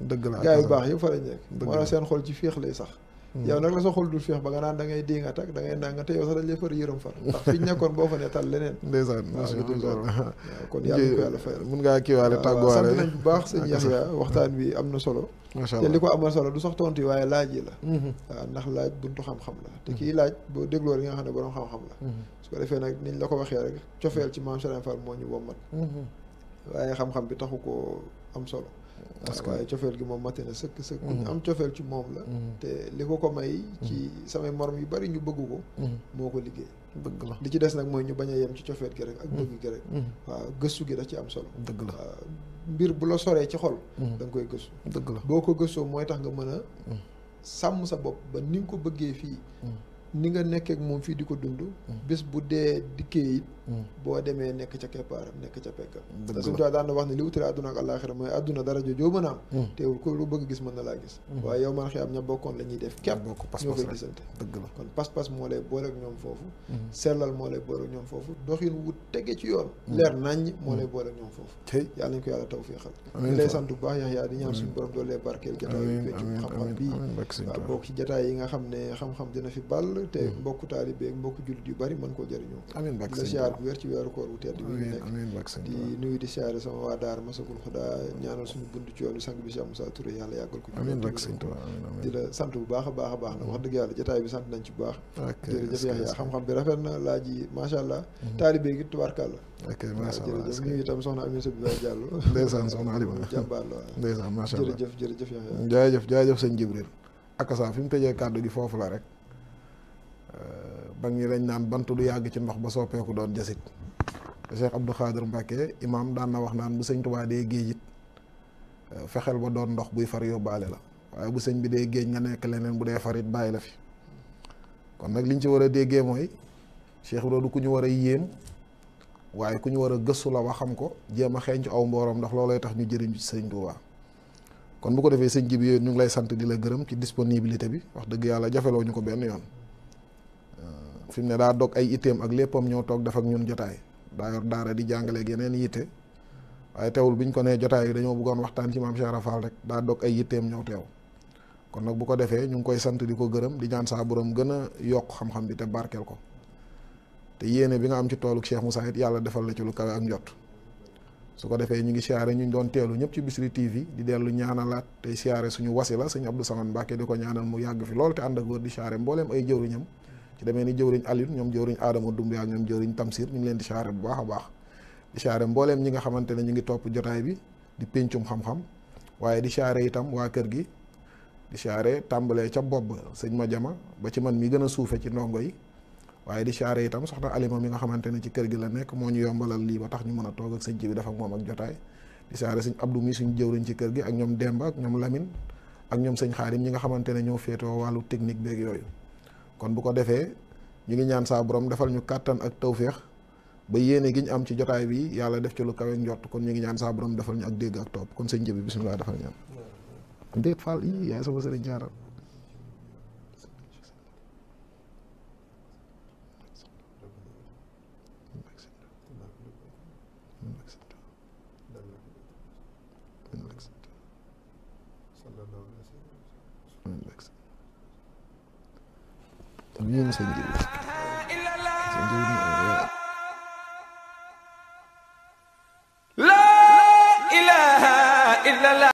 dëgg la gaa baax yëpp fa la ñu nekk. dëgg seen xol ci féex sax yow nag la sa xol dul feex ba nga naan da ngay diingat ak da ngay nanga te sax dañ lay far yërëm far ndax fi nekkoon boo fa ne tal leneen ndeysaan kon yàlla ko yàlla fayal mun ngaa kiiwaale tàgguwaale sax tontu waaye laaj yi la mhm. waaw ndax laaj buntu xam-xam la te mhm. kii laaj boo dégloo li nga xam ne borom xam-xam la mhm. su ko defee nag niñ la ko waxee rek cofeel ci maam Serigne Fall moo ñu wommat waaye xam-xam bi taxu koo am solo parce que waaye cofeel gi moom mate na sëkk sëkk ku mhm. am cofeel ci moom la mhm. te li ko ko may mhm. ci samay morom yu bari ñu bëgg ko moo ko liggéey dëgg la li ci des nag mooy ñu bañ a yem ci cofeel gi rek ak bëgg gi rek waaw gëstu gi da ci am solo dëgg la mbir bu la soree ci xol da koy gëstu dëgg la boo ko gëstoo mooy tax nga mën a sàmm sa bopp ba ni ko bëggee fii ni nga nekkeek moom fii di ko dund bés bu dee dikkee it boo demee nekk ca keppaaram nekk ca peggam te suñu tuwi daan na wax ne li wutale àdduna ak àllaaxira mooy àdduna dara jojoo mën a am mm. teewul ko lu bëgg gis mën na laa gis mm. waaye yow man xiyaam ña bokkoon la def képp ñoo koy gisante kon pas-pas moo lay boole ñoom foofu mm. sellal moo lay boole ñoom foofu doxin wu tege ci yoon leer naññ moo lay boole ñoom foofu yàlla nañ ko yàlla taw fii xal lay sant bu baax yax yaa di ñaan suñu borom doole ak wér ci weeru koor wu tedd bi nekk di nuyu di siyaare sama waa daar masagul xudaa ñaanal suñu bunt ci yoonu sang bi la sant bu baax a baax a baax nag wax dëgg yàlla jotaay bi sant nañ ci bu baax xam-xam bi rafet na laaj yi macha allah mhm. taalibe gi tubaarkàlla ok macha allah jërëjëf ñu itam soxna Aminata bi Baye Diallo ndeysaan soxna Alima jàmbaar la ndeysaan jërëjëf jërëjëf Yaxya jaajëf jaajëf fi mu tëjee kàddu gi foofu la rek mag ñi dañ naan bant du yàgg ci ndox ba soppeeku doon jasit Cheikh Abdou Khadir Mbacke imaam daan na wax naan bu sëñ Tuubaa dee géej it euh, fexeel ba doon ndox buy far yóbbaale la waaye bu sëñ bi dee géej nga nekk leneen bu dee farit bàyyi la fi kon nag liñ ci war a déggee mooy Cheikh Ibra du ku ñu war a yéem waaye ku ñu war a gëstu la waxam ko jéem a xeeñ ci aw mbooram ndax loolay tax ñu jëriñ ci sëñ Tuubaa kon bu ko defee sëñ ji bi ñu ngi lay sant di la gërëm ci disponibilité bi wax dëgg yàlla jafeloo ñu ko benn yoon fi mu ne daa dog ay itteem ak léppam ñoo toog def ak ñun jotaay daa yor daara di jàngaleeg yeneen yitte waaye teewul biñ ko nee jotaay yi dañoo bëggoon waxtaan ci maam Cheikh Ibra rek daa dog ay yitteem ñoo teew kon nag bu ko defee ñu ngi koy sant di ko gërëm di ñaan saa borom gën a yokk xam-xam bi barkeel ko te yéene bi nga am ci toolu Cheikh Moussa it yàlla defal la ci lu kawe ak njot su ko defee ñu ngi siyaare ñu doon teelu ñëpp ci Bichri TV di dellu ñaanalaat tey siyaare suñu wasila sëñ Abdou Samane Mbacke di ko ñaanal mu yàgg fi loolu te ànd ak wër di siyaare mbooleem ay jëwriñam ci demee ni jëwriñ Alioune ñoom jëwriñ Adama Doumbé ak ñoom jëwriñ Tamsir ñu ngi leen di charré bu baax a baax di charré mbooleem ñi nga xamante ne ñu ngi topp jotaay bi di péncum xam-xam waaye di charré itam waa kër gi di charré tàmbalee ca bopp sëñ ma jama ba ci man mi gën a ci ndongo yi waaye di charré itam soxna Alima mi nga xamante ne ci kër gi la nekk moo ñu yombalal lii ba tax ñu mën a toog ak sëñ ci bi dafa ak moom ak jotaay di charré sëñ Abdou mi suñ jëwriñ ci kër gi ak ñoom demb ak ñoom Lamine ak ñoom sëñ Xaarim ñi nga xamante ne ñoo féetoo wàllu technique beeg kon bu ko defee ñu ngi ñaan saa borom defal ñu kàttan ak tawféex ba yéene gi ñu am ci jotaay bi yàlla def ci lu kawe njot kon ñu ngi ñaan saa defal ñu ak dégg ak topp kon sëñ jëbi bisimilah defal ñaan déet Fall yi yaay sama sëriñ jaaral También se La ilaha illallah